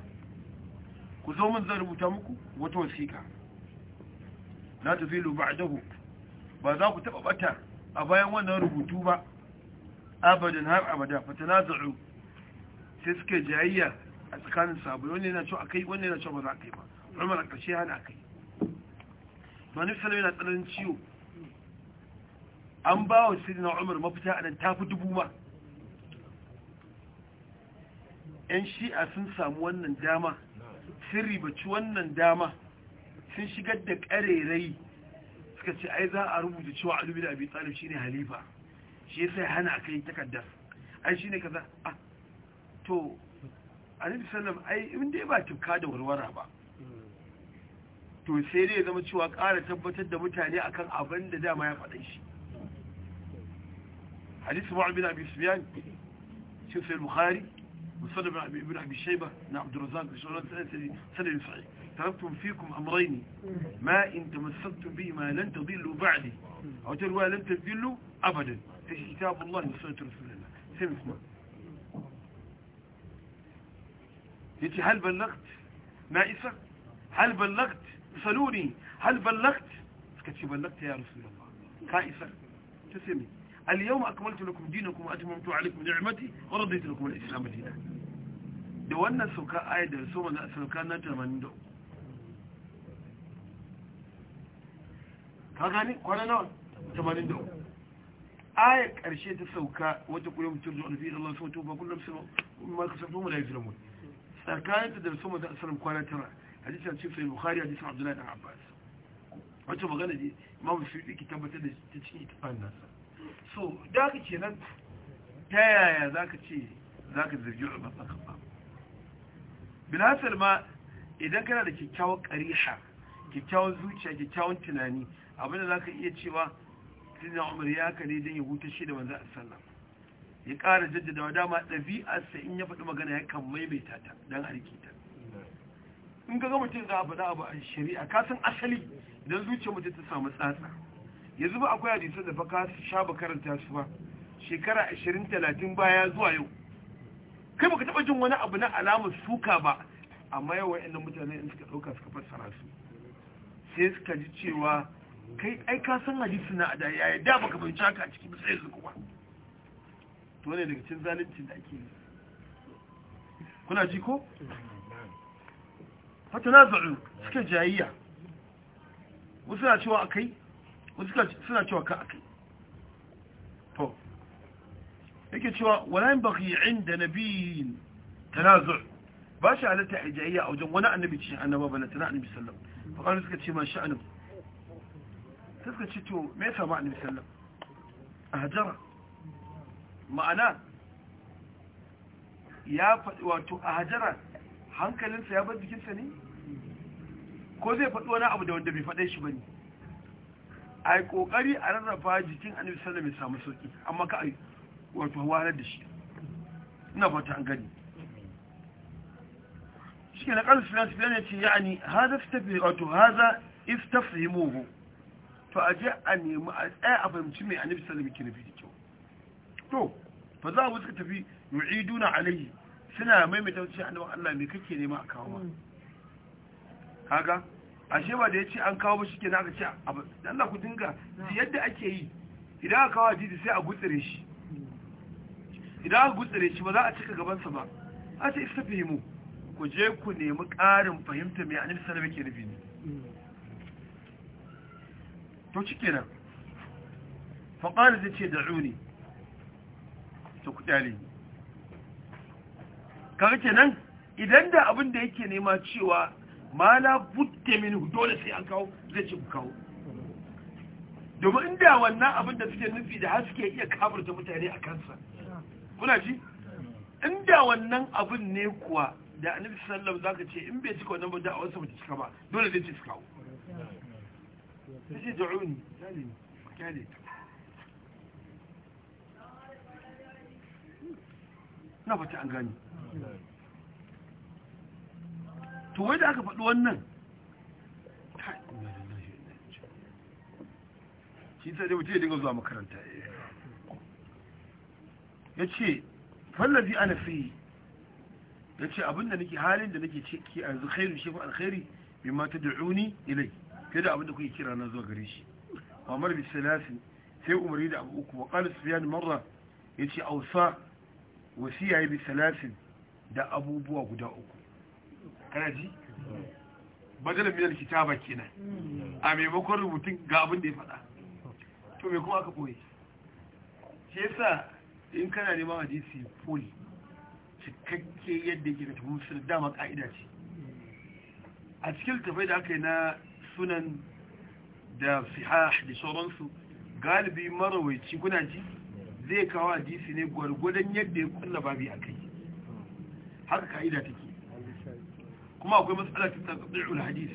ku zo mun zan rubuta muku wata wasiƙa la tafilu ba'dahu ba za ku taba bata a bayan wannan rubutu ba abadan har abada fatanazu sai suke jayayya a tsakanin sabu wanda yana cewa akai wanda yana cewa ba za a kai ba Umar a ƙarshe hana akai ba nufi salama yana tsananin ciwo an ba wa sirina Umar mafita a nan tafi dubu ma yan shi'a sun samu wannan dama sun ci wannan dama sun shigar da ƙarerai suka ce ai za a rubuta cewa alubi da abi talib shine halifa shi ya sai hana kai takardar ai shine kaza a ah, to alaihi sallam ai in dai ba tuka da warwara ba to sai dai zama cewa ƙara tabbatar da mutane akan abin da dama ya faɗa shi hadisi mu'abin abi sufyan shi sai bukhari وسنة بن أبي شيبة بن عبد الرزاق سنة صحيح تركتم فيكم أمرين ما إن تمسكتم بهما لن تضلوا بعدي أو تلوى لن تضلوا أبدا إيش كتاب الله وسنة رسول الله سلم اسمع يتي هل بلغت نائسة هل بلغت سألوني هل بلغت كتي بلغت يا رسول الله خائفه تسمي al-yawma akmaltu lakum dinakum wa atmamtu alaykum ni'mati wa raditu islam da wannan sauka ayat da so manzo sauka na 83 ka gani kwana nawa 83 ayat karshe ta sauka wata kuma mutum zuwa nabi Allah subhanahu wa kullum sai ma ka sabu mu da yuzulamu tsakanin da so a sallam kwana tara hadisi a cikin a hadisin abdullahi dan abbas wata magana ne imam suyuti ki tabbatar da cikin ittifaqin nasa so da ka ce nan ta yaya za ka ce za ka zirgi umar ɗan ba binasar ma idan kana da kyakkyawan ƙarisha kyakkyawan zuciya kyakkyawan tunani abinda za ka iya cewa tun umar ya ka don ya huta shi da a sallam ya ƙara jaddadawa dama ɗabi'arsa in ya faɗi magana ya kan maimaita ta don harki ta in ga mutum za a faɗa abu a shari'a kasan asali idan zuciya mutum ta samu tsatsa yanzu ba akwai hadisi da baka ka sha ba karanta su ba shekara 20 30 baya zuwa yau kai baka taba jin wani abu na alamar suka ba amma yau wayannan mutane in suka dauka suka fassara su sai suka ji cewa kai ai ka san hadisi na da yayi da baka bin chaka a cikin ba sai su kuma to ne daga cikin zalunci da ake yi kuna ji ko fatana zalun suka jayayya wasu na cewa akai wasu suna cewa ka akai to yake cewa walayin bakiyin da nabiyin tanazur ba shi halatta hijayya a wajen wani annabi cikin annaba ba na tana annabi sallam faƙarar suka ce ma sha'anin suka ce to me yasa ma annabi sallam a hajara ma'ana ya faɗi wato a hajara hankalinsa ya bar jikinsa ne ko zai faɗi wani abu da wanda bai faɗe shi ba ne a yi kokari a rarrafa jikin annabi sallallahu alaihi samu sauki amma ka wato wahalar da shi ina fata an gani shi na kan sunan sunan ya ce ya'ani haza istafi wato haza istafhimuhu to a je a nemi a tsaya a fahimci mai annabi sallallahu alaihi wasallam ke kyau to fa za mu suka tafi yu'iduna alaihi suna maimaita cewa annabi Allah me kake nema a kawo ma mm. kaga ashe ba da ya ce an kawo ba shi ke naka ce abu Allah ku dinga yadda ake yi idan aka kawo hadisi sai a gutsire shi idan aka gutsire shi ba za a cika gabansa ba a ce isa fahimu ku je ku nemi ƙarin fahimta mai anil salama ke nufi ne to ci nan faƙarar zai ce ruri ta kuɗale kaga nan idan da abin da yake nema cewa ma la budde min dole sai an kawo zai ce ku kawo domin inda wannan abin da suke nufi da haske iya kafirta mutane a kansa kuna ji inda wannan abin ne kuwa da annabi wasallam zaka ce in bai cika wannan bada awansa wasu cika ba dole zai ce su kawo sai na fata an gani to wai da aka faɗi wannan shi sai da mutum ya dinga zuwa makaranta eh. ya ce fallazi ana fi ya ce abinda nake halin da nake ce ke yanzu khairu shi fi alkhairi bi ma ta da'uni ilai fiye da abinda kuke kira na zuwa gare shi mamar bi salasi sai umari da abu uku wa qala sufyan marra yace ausa wasiya bi salasin da abubuwa guda uku kana ji miyar biyar kitaba kenan a maimakon rubutun ga abin da ya fada to mai kuma aka koyi shi yasa in kana neman hadisi full cikakke yadda yake da sun dama ka'ida ce a cikin tafai da aka yi na sunan da sihah da sauransu galibi marawaici kuna ji zai kawo hadisi ne gwargwadon yadda ya kulla babi a kai haka ka'ida take kuma akwai matsala ta taqdi'ul hadis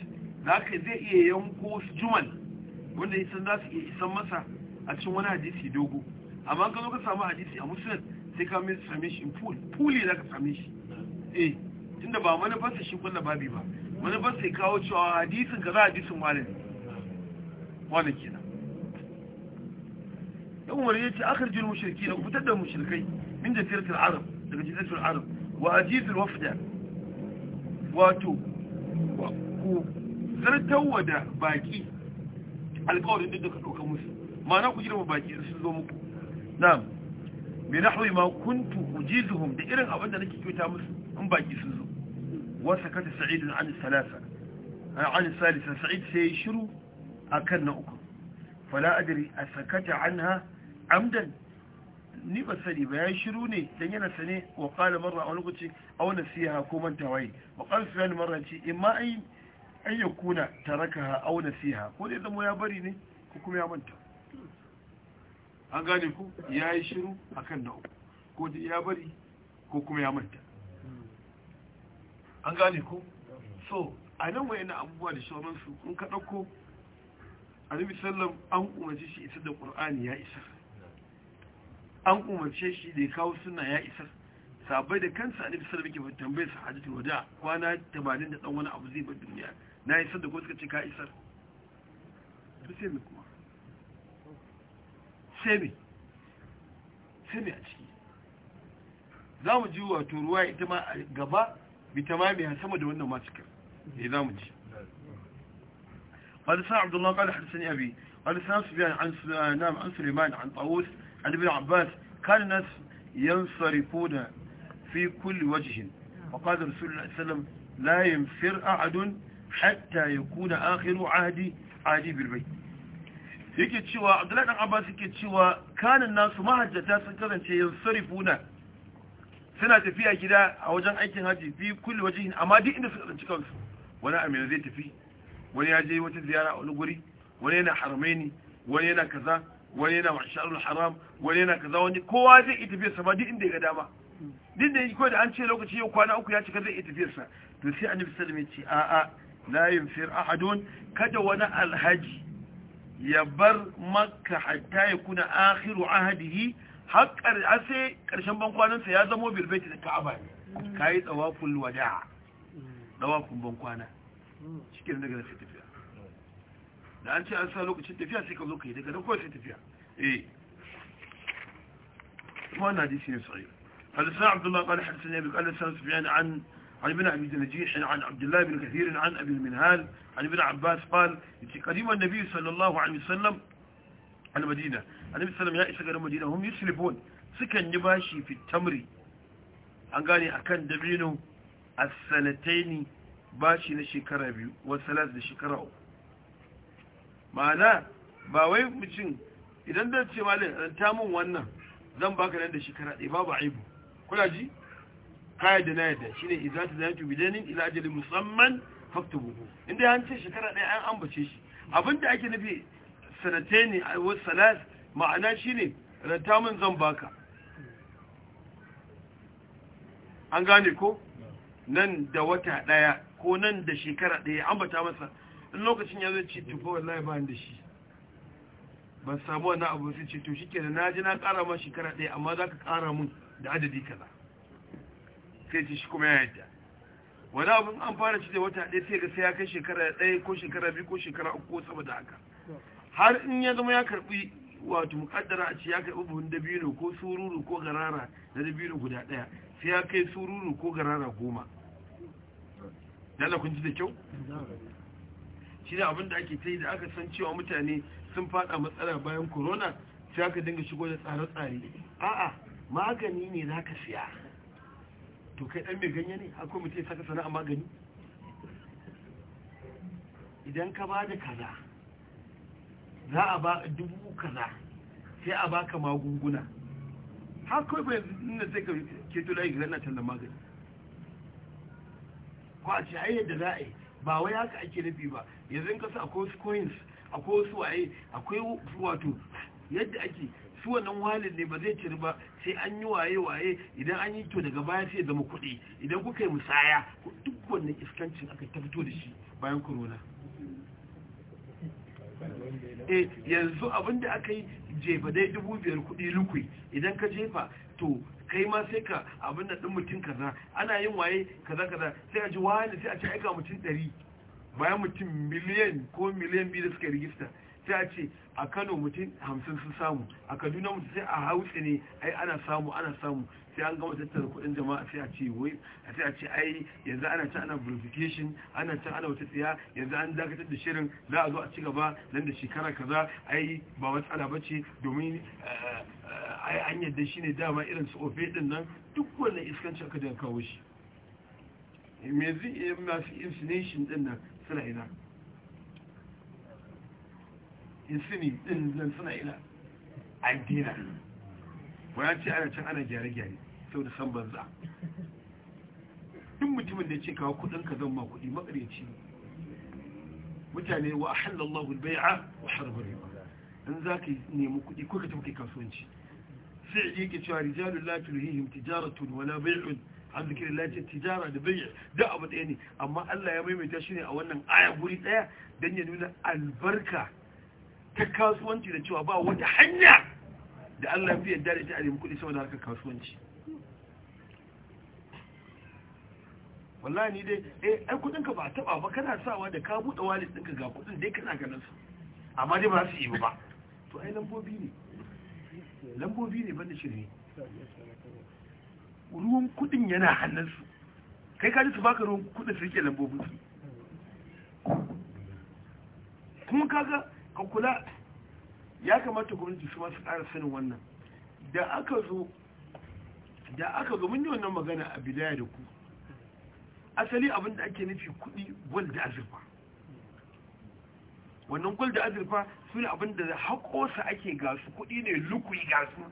da haka zai iya yanko jumal wanda ya san za su iya isan masa a cikin wani hadisi dogo amma ka zo ka samu hadisi a musulun sai ka mai same shi in pool puli za ka same shi eh tunda ba fasa shi kulla babi ba fasa ya kawo cewa hadisin ka za hadisin wani ne wani kenan yan wani ya ce akar jin mushirki na fitar da mushirkai min jaziratul arab daga jaziratul arab wa ajizul wafda wato ku zartarwa da baki alkawarin duk da ka ɗauka musu ma'ana ku girma baki sun zo muku na'am bi nahwi ma kuntu ujizuhum da irin abinda nake kyauta musu in baki sun zo wa sakata sa'idun an salasa an salisa sa'id sai ya shiru akan na uku fala sakata sakata ha amdan ni ba sani ba yayi shiru ne dan yana sane wa kala marra a lokaci aw nasiha ko manta waye. wa qala ni marra ci imma ay an ha a aw siya. ko dai zamo ya bari ne ko kuma ya manta an gane ku yayi shiru akan na ko dai ya bari ko kuma ya manta an gane ku so a nan na abubuwa da sauransu in ka dauko annabi sallam an umarci shi isa da qur'ani ya isa an umarce shi da ya kawo suna ya isa sabai da kansa a sallallahu da muke ke tambaye su hajjatul wada kwana tabanin da dan wani abu zai bar duniya na isar da kuma suka ce ka isar to sai me kuma sai sai a ciki za mu ji wato ruwa ita ma a gaba bi ma mai sama da wannan ma ne eh za mu ji قال سعد الله قال حدثني أبي قال سعد سبيان عن سليمان عن طاووس عن ابن عباس كان الناس ينصرفون في كل وجه وقال رسول الله صلى الله عليه وسلم لا ينفر أحد حتى يكون آخر عهدي عهدي بالبيت yake cewa Abdullahi dan Abbas yake cewa kanin nasu mahajjata sun kasance yansarifuna suna tafiya gida a wajen aikin haji fi kulli wajihin amma duk inda suka tsanci kansu wani amina zai tafi wani ya je wata ziyara a wani guri wani yana haramaini wani yana kaza wani yana sha'arun haram wani yana kaza wani kowa zai iya tafiyarsa ba duk inda ya ga dama duk da yake da an ce lokaci yau kwana uku ya cika zai iya tafiyarsa to sai annabi sallallahu alaihi wasallam ya ce a la yunfir ahadun kada wani alhaji ya bar makka hatta ya kuna akhiru ahadihi har sai karshen sa ya zamo bilbaiti da ka'aba ne kayi tsawafin wada'a ban bankwana cikin daga da da an ce an sa lokacin tafiya sai ka zo ka yi daga nan kawai sai tafiya eh وانا حديثي صحيح قال سنة عبد الله قال حدثني أبي قال سنة سفيان عن عن ابن عبد النجيح عن عبد الله بن كثير عن أبي المنهال عن ابن عباس قال قديم النبي صلى الله عليه وسلم على المدينة النبي صلى الله عليه وسلم يا المدينة هم يسلبون سكن نباشي في التمر an gane a kan dabino a sanataini bashi na shekara biyu wasu salas da shekara uku ma'ana ba wai mucin idan zan ce malin ranta min wannan zan baka nan da shekara ɗaya babu aibu kula ji kaya da na yadda ne idan ta zantu bidanin ila ajalin musamman faktubu inda an ce shekara ɗaya an ambace shi abinda ake nufi sanatani wa salas ma'ana shi ne ranta min zan baka an gane ko nan da wata ɗaya ko nan da shekara ɗaya ambata masa in lokacin ya zai ce tufa wallahi ba da shi ban samu wani abu sai ce to ke da ji na kara ma shekara ɗaya amma za ka kara mun da adadi kaza sai ce shi kuma ya yadda wani abu an fara ci da wata ɗaya sai ga sai ya kai shekara ɗaya ko shekara biyu ko shekara uku ko sama da haka har in ya zama ya karɓi wato mukaddara a ce ya karɓi buhun dabino ko sururu ko garara na dabino guda ɗaya sai ya kai sururu ko garara goma. Lalla kun ji da kyau? shi ne abinda ake ta yi da aka san cewa mutane sun fada matsala bayan corona sai aka dinga shigo da tsare-tsare a'a magani ne za ka siya to kai dan mai ganye ne akwai mutum saka sana'a magani idan ka ba da kaza za a ba dubu kaza sai a baka magunguna har kawai bai nuna sai ka keto layi ga na tallan magani ko a ce ayyar da za a yi ba wai haka ake nufi ba yanzu ka sa akwai coins akwai wasu waye akwai wato yadda ake su wannan wallet ne ba zai ciri ba sai an yi waye-waye idan an yi to daga baya sai zama kuɗi idan kuka yi musaya duk wannan iskancin aka ta fito da shi bayan corona eh yanzu abinda aka yi jefa dai dubu biyar kuɗi lukui idan ka jefa to kai ma sai ka abin da ɗin mutum kaza ana yin waye kaza kaza sai a ji wani sai a ci aika mutum ɗari bayan mutum miliyan ko miliyan biyu da suka rigista sai a ce a kano mutum hamsin sun samu a kaduna mutum sai a hausa ne ai ana samu ana samu sai an gama tattara kudin jama'a sai a ce wai sai a ce ai yanzu ana can ana verification ana can ana wata tsaya yanzu an dakatar da shirin za a zo a ci gaba nan da shekara kaza ai ba matsala ba ce domin eh, eh, ai an yadda shi ne dama irin su ofe din nan duk wannan iskanci aka da kawo shi masu insinuation din nan suna ina insini din nan suna ina an dina ya ce ana can ana gyare-gyare sau da san banza duk mutumin da ce kawo kudinka zan ma kudi makareci mutane wa ahallallahu bai'a wa harbar riba in za ka nemi kudi ko tafi kasuwanci sai yake cewa rijalun la tulhihim tijaratun wala bai'un an da lati tijara da bayya da abu ɗaya ne amma Allah ya maimaita shi ne a wannan aya guri daya don ya nuna albarka ta kasuwanci da cewa ba wata hanya da Allah fiye da ta a nemi sama da harkar kasuwanci wallahi ni dai eh ai kudin ka ba a taɓa ba kana sawa da ka buɗe wallet ɗinka ga kuɗin dai kana ganin su amma dai ba su yi ba to ai lambobi ne lambobi ne ban da ruwan kudin yana hannunsu kai kaji su baka ruwan kudin su rike lambobin su kuma kaga ka kula ya kamata gwamnati su masu kara sanin wannan da aka zo da aka zo mun yi wannan magana a bidaya da ku asali abin da ake nufi kudi gwal da azurfa wannan gwal da azurfa su ne abin da haƙosa ake gasu kudi ne lukuri gasu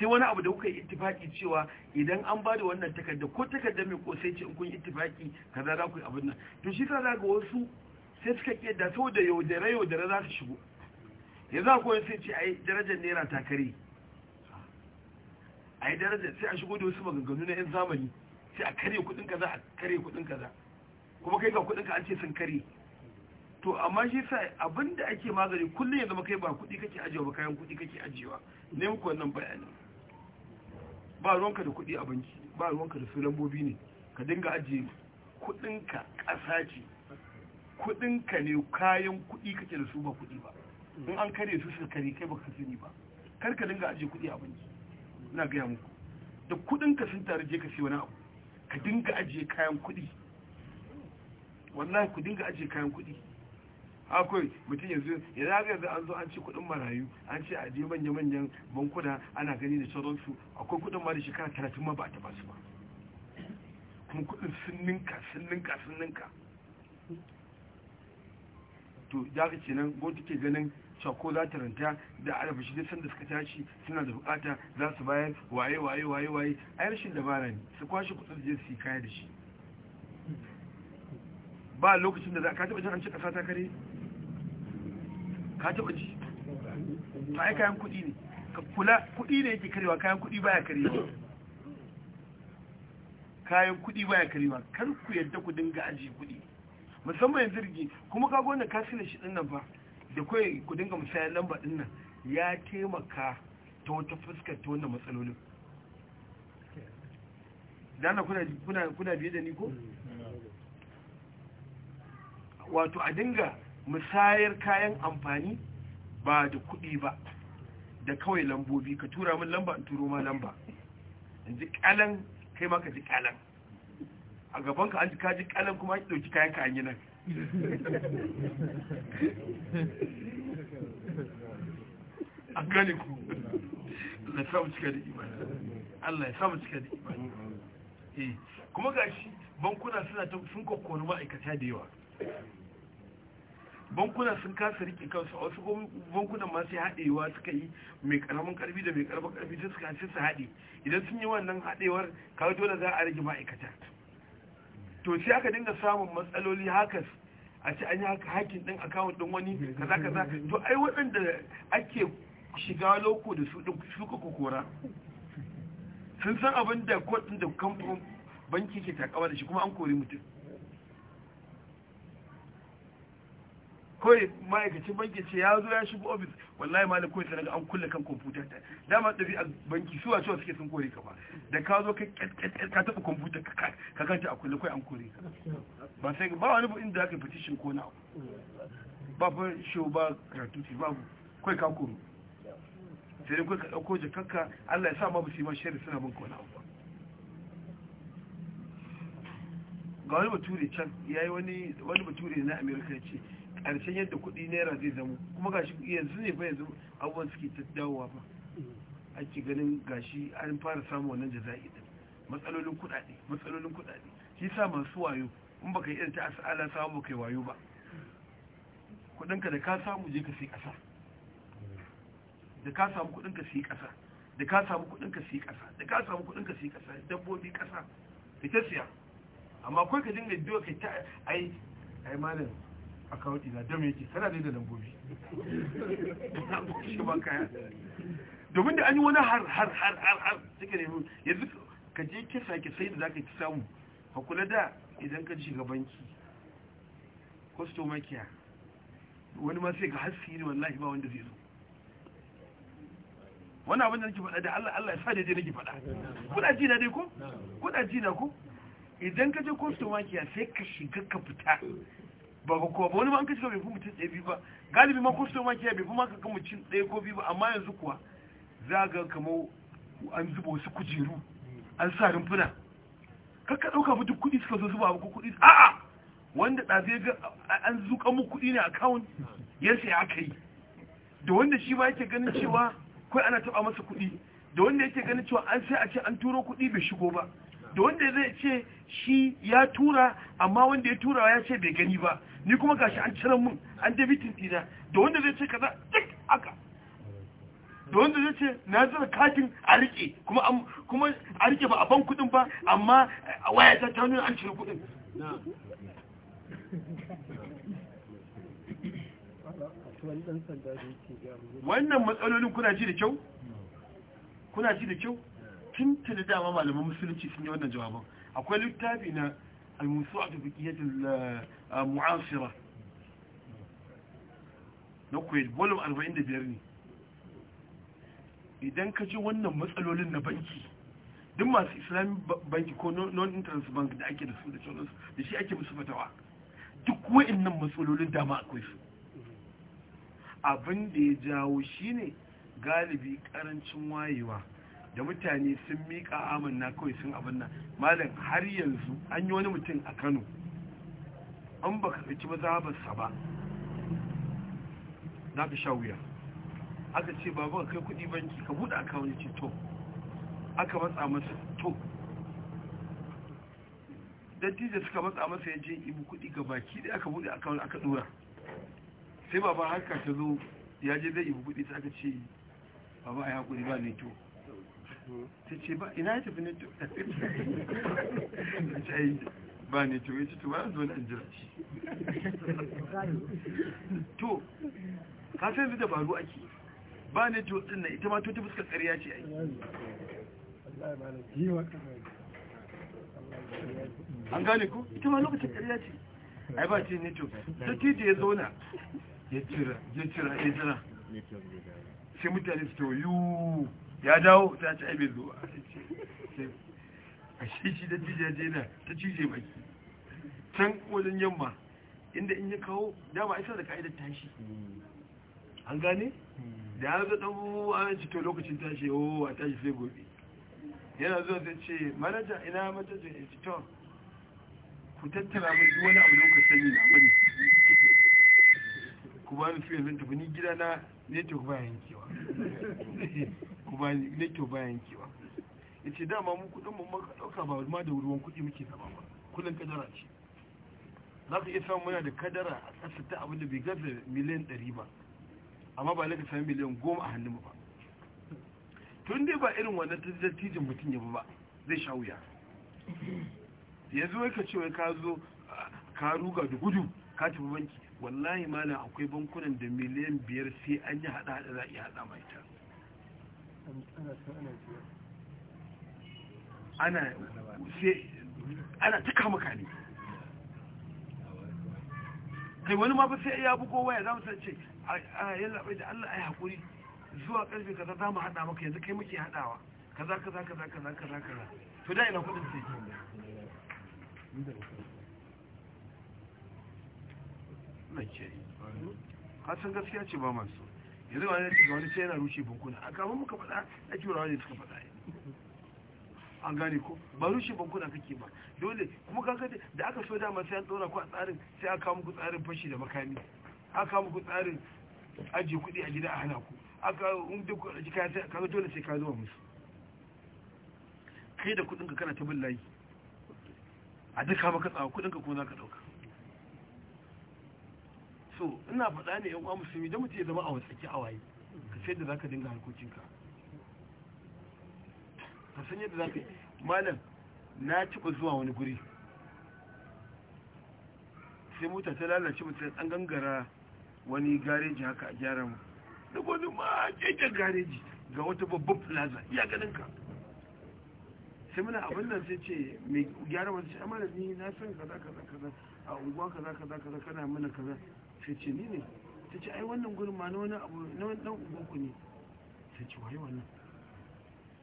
sai wani abu da kuka yi ittifaki cewa idan an ba da wannan takarda ko takarda mai sai ce in kun yi ittifaki kaza za ku yi abin nan to shi kaza ga wasu sai suka ke da saboda yaudare yaudare za su shigo ya za ku sai ce ai darajar naira ta kare ai darajar sai a shigo da wasu maganganu na yan zamani sai a kare kudin kaza a kare kudin kaza kuma kai ga kudin ka an ce sun kare to amma shi sa abinda ake magani kullum ya zama kai ba kudi kake ajiyewa ba kayan kudi kake ajiyewa ne muku wannan bayanin. ba ruwanka da kuɗi a banki ba ruwanka da su lambobi ne ka dinga ajiye kuɗinka ƙasa ce kuɗinka ne kayan kuɗi kake da su ba kuɗi ba in an kare su su kare kai baka sani ba kar ka dinga ajiye kuɗi a banki ina gaya muku da kuɗinka sun tare je ka sai wani abu ka dinga ajiye kayan kuɗi wallahi ku dinga ajiye kayan kuɗi akwai mutum yanzu ya zaga yanzu an zo an ci kudin marayu an ce a je manya-manyan bankuna ana gani da sauransu akwai kudin ma shekara talatin ma ba ta basu ba kuma kudin sun ninka sun ninka sun ninka to ya ga ce nan gotu ke ganin cako za ta ranta da arafa shi da suka tashi suna da bukata za su bayar waye waye waye waye a rashin dabara ne su kwashe kudin je su yi kaya da shi ba lokacin da za ka taba jin an ci kasa ta kare ka taba ji ba ai kayan kudi ne ka kula kudi ne yake karewa kayan kudi baya karewa kayan kudi baya karewa kar ku yadda ku dinga aji kudi musamman yanzu rigi kuma ka gona ka sila shi dinnan fa da kai ku dinga musayar lamba dinnan ya taimaka ta wata fuskar ta wannan matsalolin dana kuna kuna kuna biye da ni ko wato a dinga musayar kayan amfani ba da kuɗi ba da kawai lambobi ka tura min lamba in turo ma lamba in ji kalan kai ma ka ji kalan a gaban ka an ji ji kalan kuma an ɗauki kayan ka an yi nan a gane ku sa samu cika da imani Allah ya samu cika da imani eh, kuma ga shi bankuna suna sun kokonu ma'aikata da yawa bankuna sun kasa rike kansu a wasu bankunan masu haɗewa suka yi mai ƙaramin ƙarfi da mai ƙaramin ƙarfi sun suka ce su haɗe idan sun yi wannan haɗewar kawai dole za a rage ma'aikata to sai aka dinga samun matsaloli hakas a ce an yi haka hakin ɗin akawun ɗin wani kaza kaza to ai waɗanda ake shiga loko da su ɗin suka kokora sun san abin da kwadin da kamfanin banki ke takawa da shi kuma an kori mutum kawai ma'aikacin banki ce ya zo ya shigo ofis wallahi ma da kawai sai daga an kulle kan kwamfutar ta dama tafi a banki suwa cewa suke sun kore ka ba da ka zo ka taɓa kwamfutar ka kanta a kulle kawai an kore ka ba sai ba wani bu inda aka petition ko na ba fa shi ba gratuity babu kawai ka kuru sai dai kawai ka ɗauko jakanka Allah ya sa ma ba su shari suna bin kona ba ga wani bature can ya yi wani bature na amerika ya ce karshen yadda kuɗi naira zai zama kuma gashi yanzu ne fa yanzu abubuwan suke ta dawowa a ke ganin gashi an fara samu wannan jaza'i idan matsalolin kuɗaɗe matsalolin kuɗaɗe shi sa masu wayo in baka irin ta asala samu kai wayo ba kuɗinka da ka samu je ka sai ƙasa da ka samu kuɗinka sai ƙasa da ka samu kuɗinka sai ƙasa da ka samu kuɗinka sai ƙasa dabbobi ƙasa fitasiya siya amma kai ka dinga biyo kai ta ai ai malam a kawo ila dama yake tana dai da lambobi domin da an yi wani har har har har har suke nemi yanzu ka je kisa ki sai da za ka ki samu ka kula da idan ka shiga banki kwastoma kiya wani ma sai ga haske ne wallahi ba wanda zai zo wani abin da nake faɗa da Allah Allah ya sa daidai nake faɗa kuna jina dai ko kuna jina ko idan ka je kwastoma kiya sai ka shiga ka fita ba ba kuwa ba wani ba an kashe bai fi mutum ɗaya biyu ba galibi ma kusa ma kiyaye bai fi ma kan mutum ɗaya ko biyu ba amma yanzu kuwa za ga kama an zuba wasu kujeru an sa rumfuna ka ɗauka mutum kuɗi suka zo zuba abu kuɗi a'a wanda ɗazai ga an zuƙa mu kuɗi ne a kawun ya sai aka yi da wanda shi ba yake ganin cewa kai ana taɓa masa kuɗi da wanda yake ganin cewa an sai a ce an turo kuɗi bai shigo ba da wanda zai ce shi ya tura amma wanda ya tura ya ce bai gani ba ni kuma gashi an cire mun an debitin tina da wanda zai ce kaza duk aka da wanda zai ce na zira katin a rike kuma kuma a rike ba a ban kudin ba amma waya ta ta nuna an cire kudin wannan matsalolin kuna ji da kyau kuna ji da kyau da dama malaman musulunci sun yi wannan jawaban akwai littafi na al-musu'atu fiqhiyatul eh, eh, mu'asira na Kuwait bolum 45 ne idan ka ji wannan matsalolin na banki duk masu islamic banki ko non-interest bank da ake da su da sauransu da shi ake musu fatawa duk wa'annan matsalolin dama akwai su abin da ya jawo shine galibi karancin wayewa da mutane sun miƙa Amina kawai sun abin nan malam har yanzu an yi wani mutum a kano an ba ka kaci mazabarsa ba za ka sha wuya aka ce ba ba kai kudi banki ka buɗe aka wani ce to aka matsa masa to dattijo suka matsa masa ya je ibi kudi ga baki da aka buɗe aka wani aka ɗora sai ba harka ta zo ya je zai ibi kudi ta aka ce ba a yi haƙuri ba ne to ta ce ba ina ya tafi neto ta ce ba neto ya ce to bayan zo na jira to kafin da dabaru ake ba neto din nan ita ma to ta fuskar ƙarya ce ai an gane ku ita ma lokacin ƙarya ce ai ba ce neto ta titi ya zauna ya cira ya cira ya jira sai mutane su to yiwu ya dawo ta ci abin zuwa a shi shi da cijaje na ta cije baki can wajen yamma inda in yi kawo dama isa da ka'idar tashi an gane da ya zo dan an ci to lokacin tashi yawo oh, a tashi sai gobe yana zuwa zai ce manaja ina manajan ya ci to ku tattara mai duk wani abu lokacin yi na mani ku ba ni fiye zan tafi ni gida na network ba yankewa kuma network ya ce dama mu kudin mu maka dauka ba ma da ruwan kudi muke zama ba kullum kadara ce za ka iya samun muna da kadara a ƙasa ta abin da bai gaza miliyan 100 ba amma ba laka sami miliyan 10 a hannun ba tun dai ba irin wannan dattijan mutum ya ba zai sha wuya yanzu wai ka ce wai ka zo ka ruga da gudu ka tafi banki wallahi malam akwai bankunan da miliyan biyar sai an yi hada-hada za a iya hada mai ta ana ta kama ne kai wani ma ba sai ya bugo waya za mu san ce a yin labai da allah ai haƙuri zuwa ƙarfe kaza za mu hada maka yanzu kai muke hadawa kaza kaza kaza kaza kaza kaza to da ina kudin sai ke hasan gaskiya ce ba masu yanzu wani ya shiga wani sai yana rushe bankuna a kamar muka faɗa na turawa ne suka faɗa an gane ko ba rushe bankuna kake ba dole kuma kaga da aka so dama sai an tsora ku a tsarin sai aka muku tsarin fashi da makami aka muku tsarin ajiye kuɗi a gida a hana ku aka inda ku ɗaji kayan sai dole sai ka zuwa musu kai da kuɗinka kana ta bin layi a duka maka tsawa kuɗinka kuma za ka ɗauka so ina faɗa ne yan uwa musulmi don mutum ya zama a wasaki a waye ka sai da zaka dinga harkokinka ka san yadda zaka malam na taɓa zuwa wani guri sai mota ta lalace mutum an gangara wani gareji haka a gyara mu da wani ma keken gareji ga wata babban plaza iya ganin ka sai muna abin nan sai ce mai gyara wani shi amara ni na san kaza kaza kaza a unguwa kaza kaza kaza kana mana kaza sai ce ni ne ta ce ai wannan gurin ma na wani abu na wani dan ubanku ne sai ce waye wannan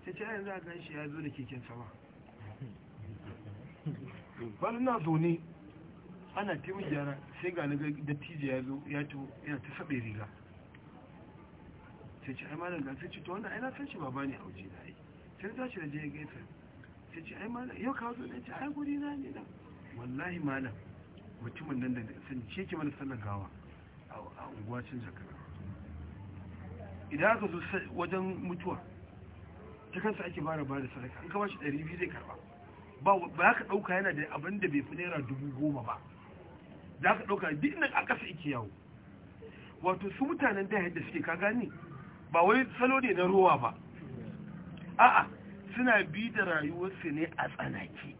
ta ce yanzu a ganshi ya zo da keken sama bari na zo ne ana taimu gyara sai ga naga da tije ya zo ya to yana ta saɓe riga sai ce ai ma ga sai ce to wannan ai na san shi baba ne a na ai sai ta shi da je gaisa sai ce ai malam yau ka zo ne ce ai guri na ne nan wallahi malam mutumin nan da sun ce ke mana sallan gawa a unguwacin jakar idan aka zo wajen mutuwa ta kansa ake bara ba da sadaka in ka bashi 200 zai karba ba ya ka ɗauka yana da abin da bai fi naira dubu goma ba za ka ɗauka duk nan a ƙasa ike yawo wato su mutanen da yadda suke ka gani ba wai salo ne na ruwa ba a'a suna bi da rayuwarsu ne a tsanaki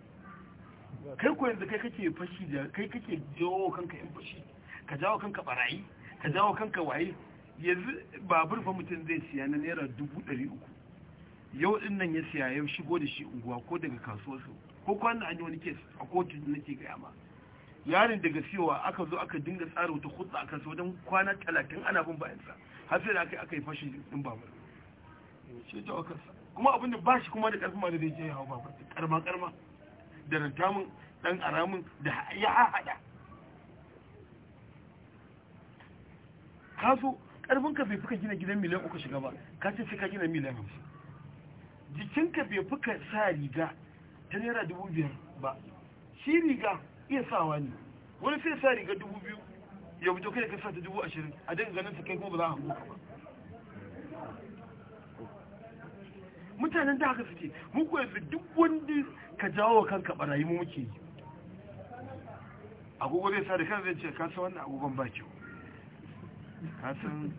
kai ko yanzu kai kake fashi da kai kake jawo kanka yan fashi ka jawo kanka barayi ka jawo kanka waye yanzu babur fa mutum zai siya na naira dubu ɗari uku yau din nan ya siya ya shigo da shi unguwa ko daga kasuwar su. ko kwanan an yi wani kes a kotu nake gaya ma yarin daga siyowa aka zo aka dinga tsara wata hutsa a kasuwa don kwana talatin ana bin sa har sai da aka yi aka yi fashi din babur shi jawo kansa kuma abin da ba shi kuma da karfin ma da zai je ya hau babur karma karma da rantamin dan aramin da ya haɗa kaso ka bai fuka gina gidan miliyan uku shiga ba ka ce sai ka gina miliyan hamsin jikinka bai fuka sa riga ta naira dubu biyar ba shi riga iya sawa ne wani sai sa riga dubu biyu ya fito kai da ka sa ta dubu ashirin a daga ganin ta kai kuma ba za a hango ba mutanen da aka suke mu yanzu duk wanda ka jawo wa kanka barayi mu muke yi agogo zai sa da kan zai ce ka wannan agogon ba kyau ka